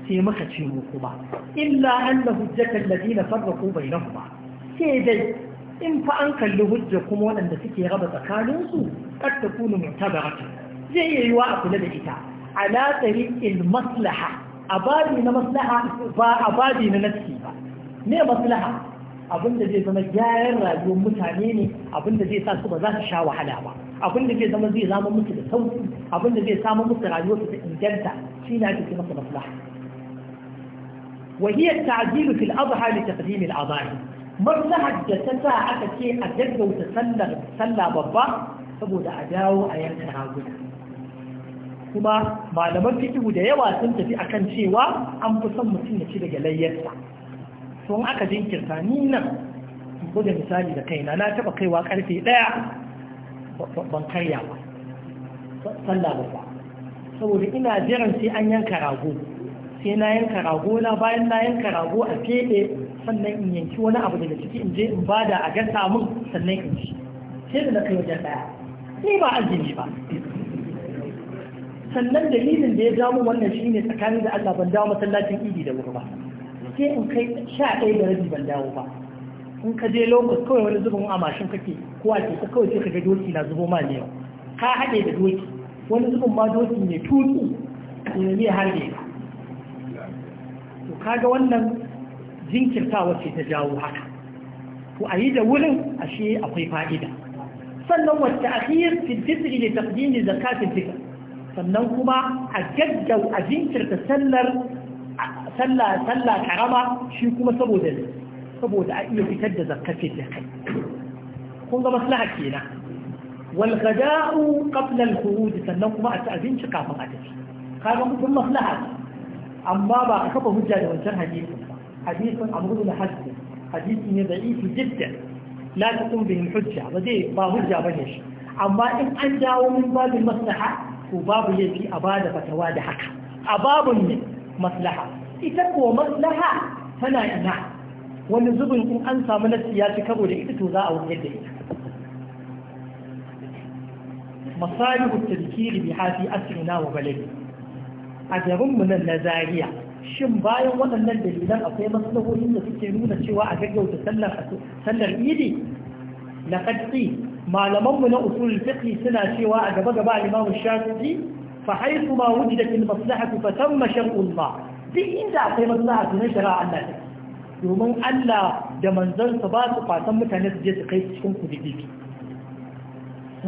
sai muka ce mu kuma illa anna hujjatal ladina farraqu bainahuma sai dai in fa an kalli hujja kuma waɗanda suke raba tsakaninsu kad takunu mu'tabaratan zai iya yiwa a kula da ita ala tariqil maslaha Abadi na maslaha ba abadi babi na nafsi ba me maslaha abin da zai zama gyaran rayuwar mutane ne abin da zai sa su ba za su sha wahala ba abin da zai zama zai zama musu da sauki abin da zai samu musu rayuwar su ta inganta shi ne ake masa maslaha وهي التعديل في الأضحى لتقديم الأضاحي maslahar da ta sa aka ce a gaggauta sallar sallah babba saboda a dawo a yanka raguna kuma malaman fiƙihu da yawa sun tafi a kan cewa an fi son mutum ya ci daga layyarsa sun aka jinkirta ni nan buga misali da kaina na taɓa kaiwa ƙarfe ɗaya ban karya ba sallah ba saboda ina jiran sai an yanka rago sai na yanka rago na bayan na yanka rago a keɓe sannan in yanki wani abu daga ciki in je in bada a gasa mun sannan in ci sai da na kai wajen ɗaya, ni ba azumi ba sannan dalilin da ya damu wannan shi ne tsakanin da Allah ban dawo masallacin idi da wuri ba sai in kai sha ɗaya da rabi ban dawo ba in ka je lokacin kawai wani zubin a mashin kake ko a ke kawai sai ka ga doki na zubo ma ne ka haɗe da doki wani zubin ma doki ne tutu ne ne harbe ka to kaga wannan jinkirtawa ce ta jawo haka to a yi da wurin ashe akwai fa'ida sannan wacce akhir fil fitri li taqdim zakatil fitr sannan kuma a gaggau a jinkirta sallar sallah karama shi kuma saboda saboda a iya fitar da zakace da kai kun ga maslaha kenan wal ghada'u qabla al khuruj sannan kuma a ci abinci kafin a tafi kaga mutum maslaha amma ba a kafa hujja da wancan hadisi hadisin amru da hadisi ne da ifi jiddan la taqum bihi hujja ba zai ba hujja bane shi amma in an dawo min babin maslaha to babu yafi a ba da fatawa da haka a babun ne maslaha ita ko maslaha tana ina wani zubin in an samu nasi ya ci karo da ita to za a wuyar da ita masalihu tadkiri bi hafi asrina wa baladi a garin mu nan na Zariya, shin bayan waɗannan dalilan akwai maslahohin da suke nuna cewa a gaggauta sallar idi na qat'i malaman na usul suna cewa a gaba gaba Imam Shafi'i fa haythu ma wujidat al maslahatu fa tamma shar'u Allah duk inda akwai maslahatu na shari'a Allah ne domin Allah da manzansa ba su fatan mutane su je su kai cikin kudiddifi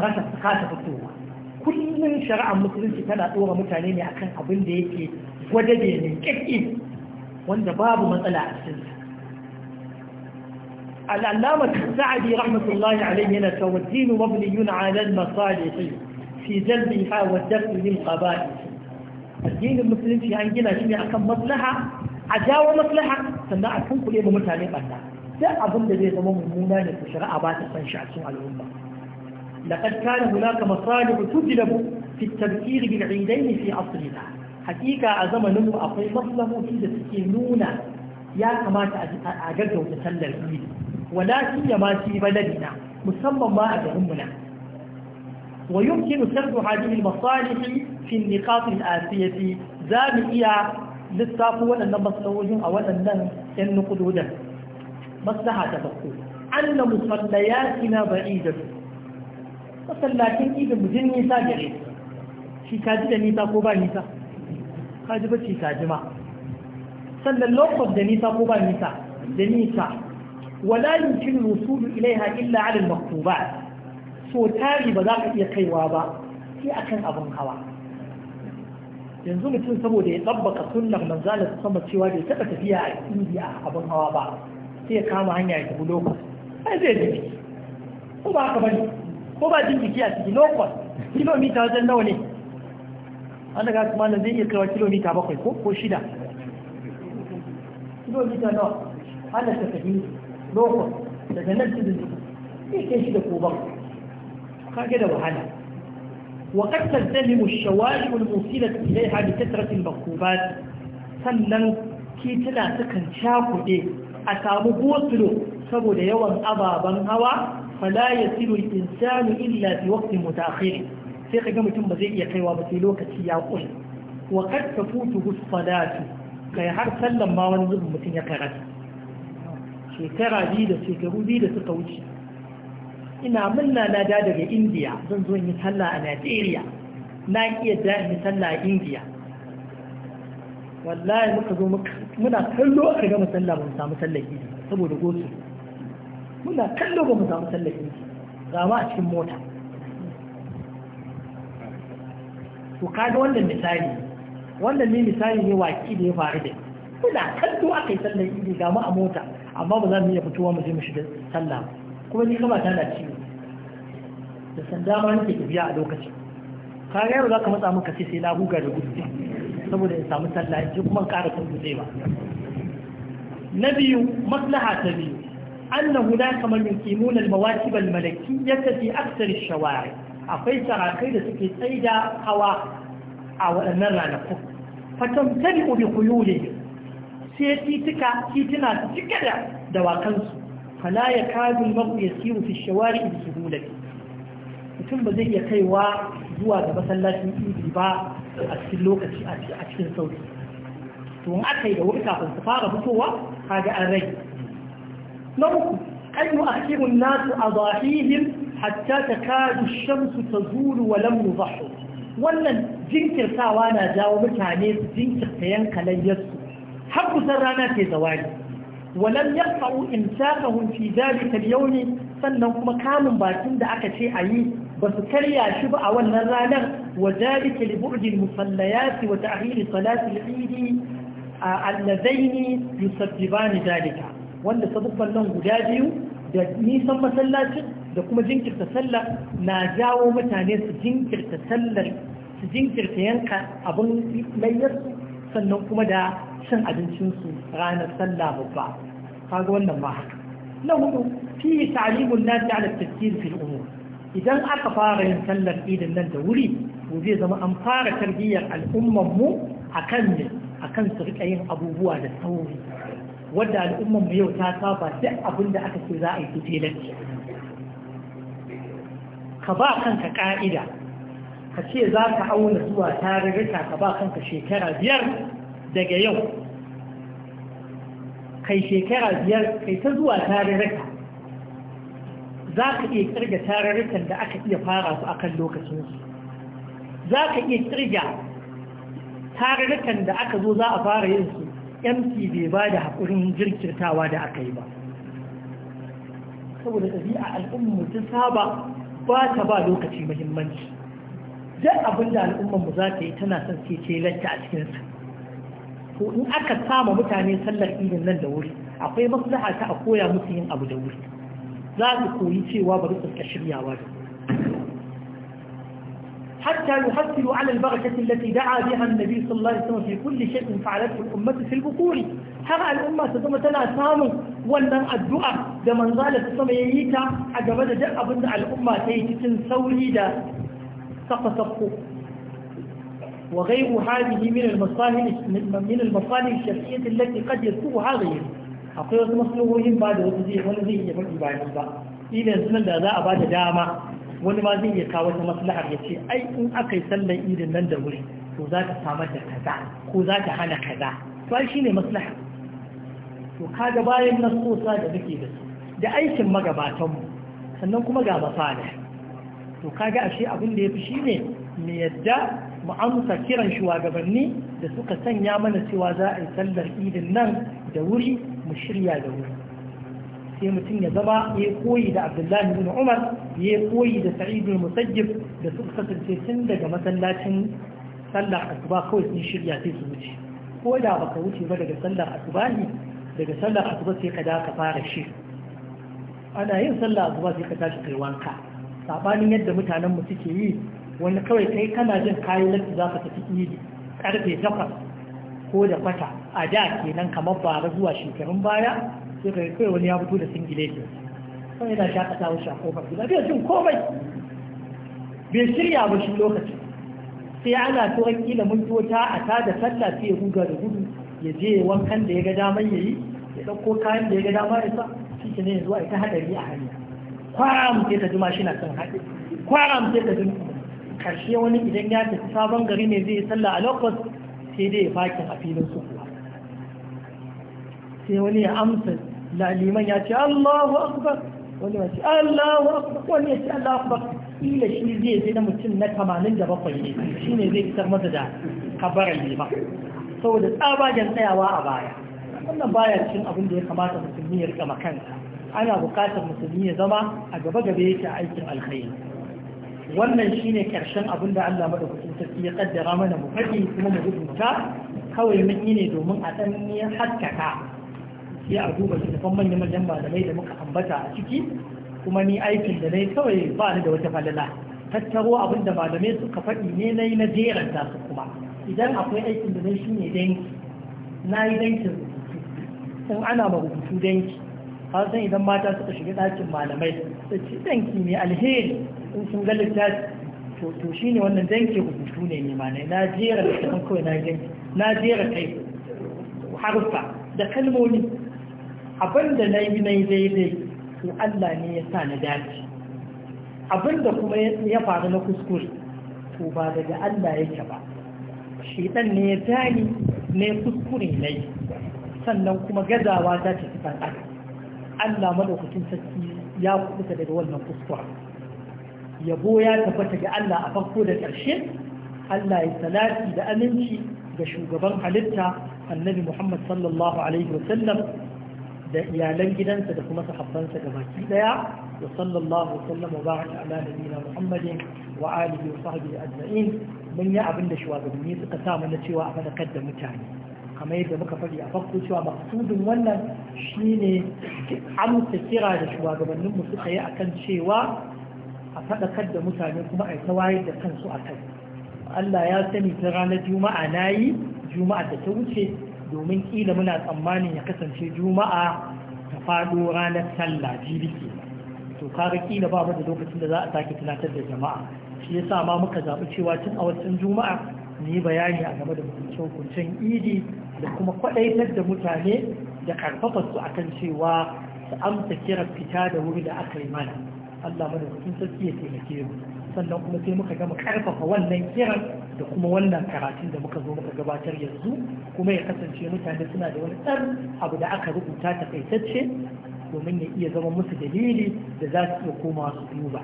rasa su kasa fitowa kullum shari'ar musulunci tana ɗora mutane ne akan abin da yake gwada ne kakki wanda babu matsala a cikinsa العلامة السعدي رحمة الله عليه لك والدين مبني على المصالح في جلبها والدفع للقبائل الدين المسلم في عندنا شيء أكم مصلحة عجاوة مصلحة سنة أكم كل يوم متعلق أنها ده أظن ده زمان ممونا لكشراء أبات الصنشاء سوء الأمة لقد كان هناك مصالح تجلب في التبكير بالعيدين في عصرنا حقيقة أزمن أقوي مصلحة في ذلك نونا يا كما أجد وتسلل إيدي wala siyama fi baladina musamman ma a garin mu na wa yumkinu sardu hadhihi al-masalih fi an-niqat al-asiyati za mu iya lissafo waɗannan maslahohin a waɗannan ‘yan nukudodan maslaha ta farko an na musallaya ina ba'i da su masallacin idan mutum nisa gare shi ka ji da nisa ko ba nisa kaji ba shi kaji ma sannan lokacin da nisa ko ba nisa da nisa wala yumkinu al-wusul ilaiha illa 'ala al-maktubat tari ba za ka iya kaiwa ba sai akan abin hawa yanzu mutum saboda ya tsabbaka sunnar manzala ta sama cewa bai taɓa tafiya a indiya abin hawa ba sai ya kama hanya ya tafi ai zai jiki ko ba haka bane ko ba jin jiki a ciki lokal kilomita wajen nawa ne an daga kuma nan zai iya kaiwa kilomita bakwai ko shida kilomita nawa lokon daga nan tudun zai ke shi da koban kage da wahala wa qad tazdahimu ash-shawari wal musilat ilayha bi kathrat al-maqubat sannan tituna sukan cakuɗe a samu gosulo saboda yawan ababen hawa fala yasilu al-insanu illa fi waqtin mutaakhir sai kaga mutum ba zai iya kaiwa ba sai lokaci ya ƙure wa qad tafutu as kai har sallan ma wani zubin mutum ya karanta shekara biyu da shekaru biyu da suka wuce ina mun na da daga indiya zan zo yi sallah a najeriya na iya da yi sallah a indiya wallahi muka zo muna kallo aka gama sallah ba mu samu sallah idi saboda gosu muna kallo ba mu samu sallah idi ga ma a cikin mota to kaga wannan misali wannan ne misali ne waki da ya faru da muna kallo aka yi sallah idi ga ma a mota amma ba za mu iya fitowa mu je mu shiga sallah kuma ni kaba tana ciwo da sanda ma nake tafiya a lokaci ka ga yau za ka matsa muka kace sai na huga da gudu saboda in samu sallah in kuma in ƙara kudu sai ba na biyu maslaha ta biyu annahu la kamar yuqimuna al-mawaqib al-malakiyyah shawari akwai sarakai da suke tsaida hawa a waɗannan ranakun fatamtari bi khuyulihim sai titika titina cike da dawakansu fala ya kazin mabu ya siru fi shawari da suhulati mutum ba zai iya kaiwa zuwa ga masallacin idi ba a cikin lokaci a cikin to in aka yi da wuri kafin su fara fitowa kaga an rai na uku an yi akirun nasu a zahihim hatta ta kadu shamsu ta zuru wa lam yuzahhu wannan jinkirtawa na jawo mutane su jinkirta yanka har kusan rana ce zawali walam yaqau imsakahum fi dhalika al-yawm sannan kuma kamun bakin da aka ce yi ba su karya shi ba a wannan ranar wa dhalika li bu'di al-musallayat wa ta'khir salati al-eid alladaini yusabbibani wanda sababban nan guda biyu da nisan masallacin da kuma jinkirta sallah na jawo mutane su jinkirta sallar su jinkirta yanka abin layyarsu sannan kuma da cin abincinsu ranar sallah babba kaga wannan ba haka na hudu fi ta'limun nasi ala tafsir fil umur idan aka fara yin sallar idin nan da wuri to zai zama an fara tarbiyyar al'ummar mu akan ne akan su rika yin abubuwa da sauri wadda al'ummar mu yau ta saba duk abin da aka ce za a yi su ka ba kanka ka'ida ka ce za ka auna zuwa tarurruka ka ba kanka shekara biyar daga yau kai shekara biyar kai ta zuwa tarurruka za ka iya kirga tarurrukan da aka iya fara su a kan lokacinsu za ka iya kirga tarurrukan da aka zo za a fara yin su mc bai ba da haƙurin jirkirtawa da aka yi ba saboda ɗabi'a al'ummu ta saba ba ta ba lokaci muhimmanci duk abin da al'ummar mu za ta yi tana son ce ce lanta a cikin sa to in aka sama mutane sallar idin nan da wuri akwai maslaha ta a koya musu yin abu da wuri za su koyi cewa bari su ka shiryawa da حتى يحصل على البركة التي دعا بها النبي صلى الله عليه وسلم في كل شيء فعلته الأمة في har al'umma ta تزم tana samun wannan addu'a da manzala ta sama ya yi ta a gaba da duk abin da al'umma ta yi cikin sauri da سقطقه وغير هذه من المصالح من المصالح الشرعية التي قد يسوغها غيره أقول مصلوهم بعد وتزيح ونزيح يفعل بعد الله إذا a ذا أباد داما wani ma zai iya kawo wata ya ce ai in aka yi sallar idin nan da wuri to za ka samar da kaza ko za hana kaza to ai shine maslaha bayan nasosa da muke da su da aikin mu sannan kuma ga masana to kaga ashe abin da ya fi shi ne yadda mu amsa kiran shugabanni da suka sanya mana cewa za a yi sallar idin nan da wuri mu shirya da wuri sai mutum ya zama ya koyi da abdullahi bin umar ya koyi da sa'id bin musajjib da suka kasance tun daga masallacin sallar asuba kawai sun shirya sai su wuce ko da baka wuce ba daga sallar asuba ne daga sallar asuba sai ka da ka fara shi ana yin sallar asuba sai ka tashi kai wanka sabanin yadda mutanen mu suke yi wani kawai kai kana jin kayi lati za ka tafi idi karfe takwas ko da kwata a da kenan kamar bara zuwa shekarun baya sai kai kai wani ya fito da singileti sai yana shakata shi a kofar gida bai jin komai bai shirya ba shi lokacin sai ana so an kila mun ta a ta da sallah sai ya huga da gudu ya je wankan da ya ga damar ya yi ya ɗauko kayan da ya ga damar ya sa shi ne zuwa ita haɗari a hanya kwaram sai ka ji mashina sun haɗe kwaram sai ka ji karshe wani idan ya tafi sabon gari ne zai yi sallah a lokos sai dai ya fakin a filin su sai wani ya amsa laliman ya ce Allahu akbar wani ya ce Allahu akbar wani ya ce Allahu akbar ila shi zai zai na mutum na tamanin da bakwai ne shi ne zai fitar masa da kabarar ne ba saboda tsabagen tsayawa a baya wannan baya cikin abin da ya kamata mutum ya rika makansa ana bukatar musulmi ya zama a gaba gaba yake a aikin alkhairi wannan shine karshen abin da Allah madaukakin sarki ya kaddara mana mu faɗi kuma mu rubuta kawai mun yi ne domin a ɗan haskaka sai a duba littafan manyan manyan malamai da muka ambata a ciki kuma ni aikin da nayi kawai ba ni da wata falala tattaro abin da malamai suka faɗi ne na yi na jeran su kuma idan akwai aikin da nayi shine danki na yi dankin rubutu in ana ma rubutu danki har san idan mata suka shiga ɗakin malamai su ci danki ne alheri in sun ga littafi to shine wannan danki rubutu ne ne ma na jera da kan kawai na danki na jera kai harfa da kalmomi abinda na yi na yi daidai to Allah ne ya sa na dace abinda kuma ya faru na kuskure to ba daga Allah yake ba shaitan ne ya tani ne kuskure ne sannan kuma gazawa za ta fi ɗan Allah madaukakin sarki ya kubuta daga wannan kuskura yabo ya tabbata ga Allah a farko da ƙarshe Allah ya salati da aminci ga shugaban halitta annabi Muhammad sallallahu alaihi wasallam da iyalan gidansa da kuma sahabbansa ga baki daya wa sallallahu wasallam wa baraka ala nabiyina Muhammadin wa alihi wa sahbihi ajma'in mun yi abin da shugabanni suka sa mana cewa a fadakar da mutane kamar yadda muka faɗi a farko cewa maksudin wannan shine amsa kira da shugabannin mu suka yi akan cewa a faɗakar da mutane kuma a ta wayar da kansu a kai Allah ya sani ta ranar juma'a na yi juma'a da ta wuce domin ƙila muna tsammanin ya kasance juma'a ta faɗo ranar sallah jibi ke to kaga ƙila ba mu da lokacin da za a sake tunatar da jama'a shi yasa ma muka zaɓi cewa tun a wancan juma'a ni bayani a game da hukuncin idi da kuma kwaɗaitar da mutane da karfafa su kan cewa su amsa kiran fita da wuri da aka yi mana Allah madaukakin sarki ya taimake mu sannan kuma sai muka gama karfafa wannan kiran da kuma wannan karatun da muka zo muka gabatar yanzu kuma ya kasance mutane suna da wani ɗan abu da aka rubuta takaitacce domin ya iya zama musu dalili da za su iya koma su duba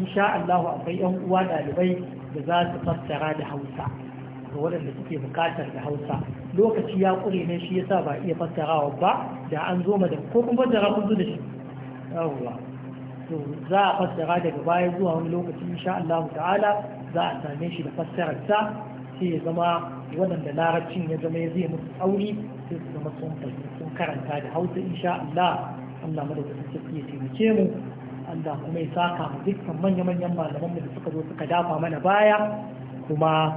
insha Allah akwai yan uwa ɗalibai da za su fassara da Hausa ga waɗanda suke bukatar da hausa lokaci ya ƙure ne shi yasa ba iya fassarawa ba da an zo ma da ko kun fassara kun zo da shi yawwa to za a fassara daga baya zuwa wani lokaci insha Allah ta'ala za a same shi da fassarar sa sai ya zama waɗanda larabcin ya zama ya zai musu tsauri sai su zama sun sun karanta da hausa insha Allah Allah madaukakin sarki ya taimake mu Allah kuma ya saka mu dukkan manya-manyan malaman da suka zo suka dafa mana baya kuma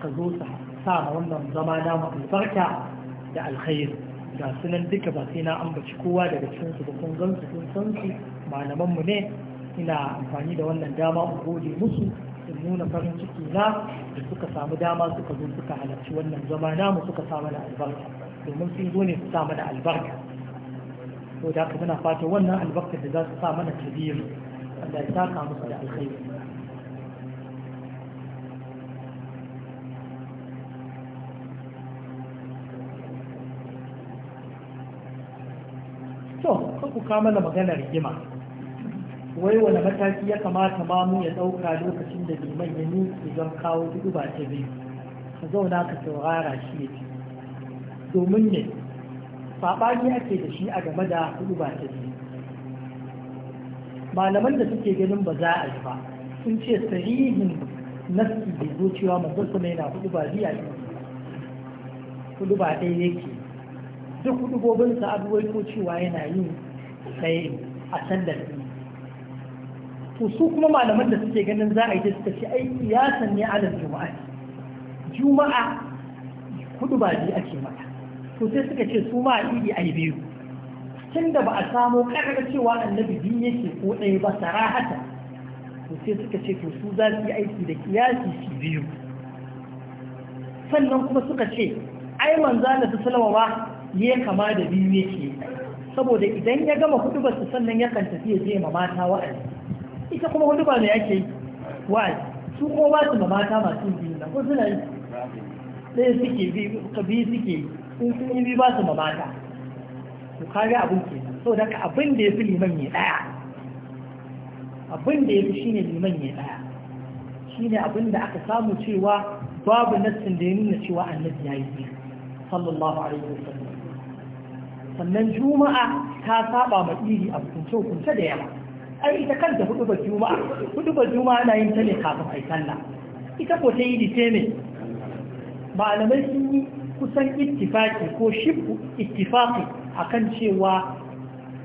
ka zo su sa ma wannan zama na albarka da alkhairi ga sunan duka ba sai na ambaci kowa daga cikin su kun gan su kun san su malaman mu ne ina amfani da wannan dama in gode musu in nuna farin ciki na da suka samu dama suka zo suka halarci wannan zama namu suka sa mana albarka domin sun zo ne su sa mana albarka to da haka muna fata wannan albarkar da za su sa mana tabiyyar Allah ya saka musu da alkhairi to kan ku kama da maganar rigima wai wani mataki ya kamata mamu ya ɗauka lokacin da liman ya ni don kawo duk ba ta biyu ka zauna ka saurara shi ne, domin ne saɓani ake da shi a game da hudu ba ta biyu malaman da suke ganin ba za a yi ba sun ce sarihin nasi da zuciya manzo kuma yana hudu ba biya hudu ba ɗaya yake duk hudubobinsa a ko cewa yana yin sai a su to su kuma malaman da suke ganin za a yi suka ce ai ya sanne alal juma'a juma'a hudu ba biyu ake mata to sai suka ce su ma a idi ai biyu tun da ba a samo karar cewa annabi biyu yake ko ɗaya ba sarahata to sai suka ce to su za su yi aiki da kiyasi su biyu sannan kuma suka ce ai manzo Allah ta salama ba ya kama da biyu yake saboda idan ya gama hudu su sannan ya kan tafi ya je ma mata wa'azi ita kuma hudu ba ne yake wa'azi su kuma ba su ma mata masu biyu na ko suna yi ɗaya suke biyu suke in sun yi biyu ba su ma mata ku kaga abin ke saboda ka abin da ya fi liman ya ɗaya abin da ya fi shi ne liman ya ɗaya ne abin da aka samu cewa babu nassin da ya nuna cewa annabi ya yi biyu sallallahu alaihi wasallam sannan juma'a ta saba ma iri a kunce kunce da yawa ai ita kanta hudu ba juma'a hudu ba juma'a na yin ta ne kafin ai sallah ita ko ta yi ce ne malamai sun yi kusan ittifaki ko shibbu ittifaki akan cewa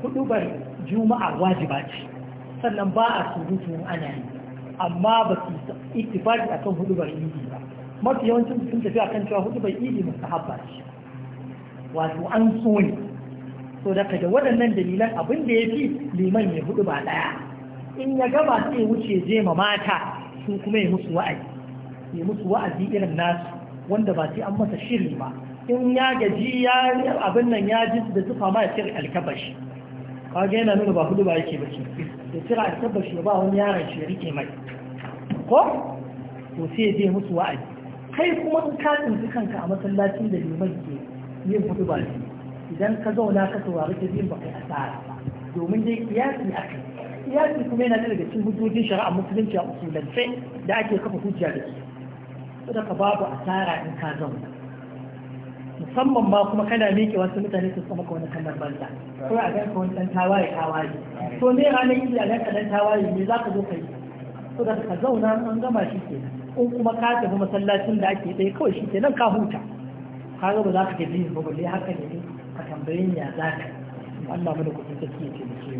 hudubar juma'a wajiba ce sannan ba a surutu ana yi amma ba su ittifaki akan hudubar iri ba mafi yawancin sun tafi akan cewa iri idi mustahabba ce wato an so ne so da kada waɗannan dalilan abin da ya fi liman ya hudu ba ɗaya in ya gaba sai wuce je ma mata su kuma ya musu wa'azi ya musu wa'azi irin nasu wanda ba sai an masa shiri ba in ya gaji ya abin nan ya ji da zufa ma ya cire alkabashi kage yana nuna ba hudu ba yake ba ce ya cire alkabashi ya ba wani yaron shi ya rike mai ko to sai ya je musu wa'azi kai kuma in ka tsinci kanka a masallacin da liman ke yin hudu ba ne idan ka zauna ka saurari ta biyun baka asara ba domin dai kiyasi a aka kiyasi kuma yana daga cikin hujjojin shari'a musulunci a usulance da ake kafa hujja da su saboda ka babu asara in ka zauna musamman ma kuma kana miƙe wasu mutane su sama ka wani kallon banza ko a ganka wani ɗan tawaye tawaye to ne ranar yi a ganka ɗan tawaye ne za ka zo ka yi saboda ka zauna an gama shi ke in kuma ka tafi masallacin da ake ɗaya kawai shi ke nan ka huta ka ga ba za ka gaji ba balle haka ne tambaye ni ya za ka Allah mu da kuɗin sarki ya taimake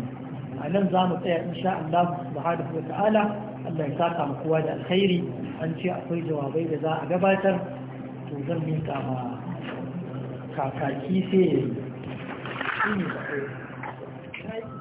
mu a nan za mu tsaya insha Allah subhanahu wa ta'ala Allah ya saka mu kowa da alkhairi an ce akwai jawabai da za a gabatar to zan miƙa ma kakaki sai ya yi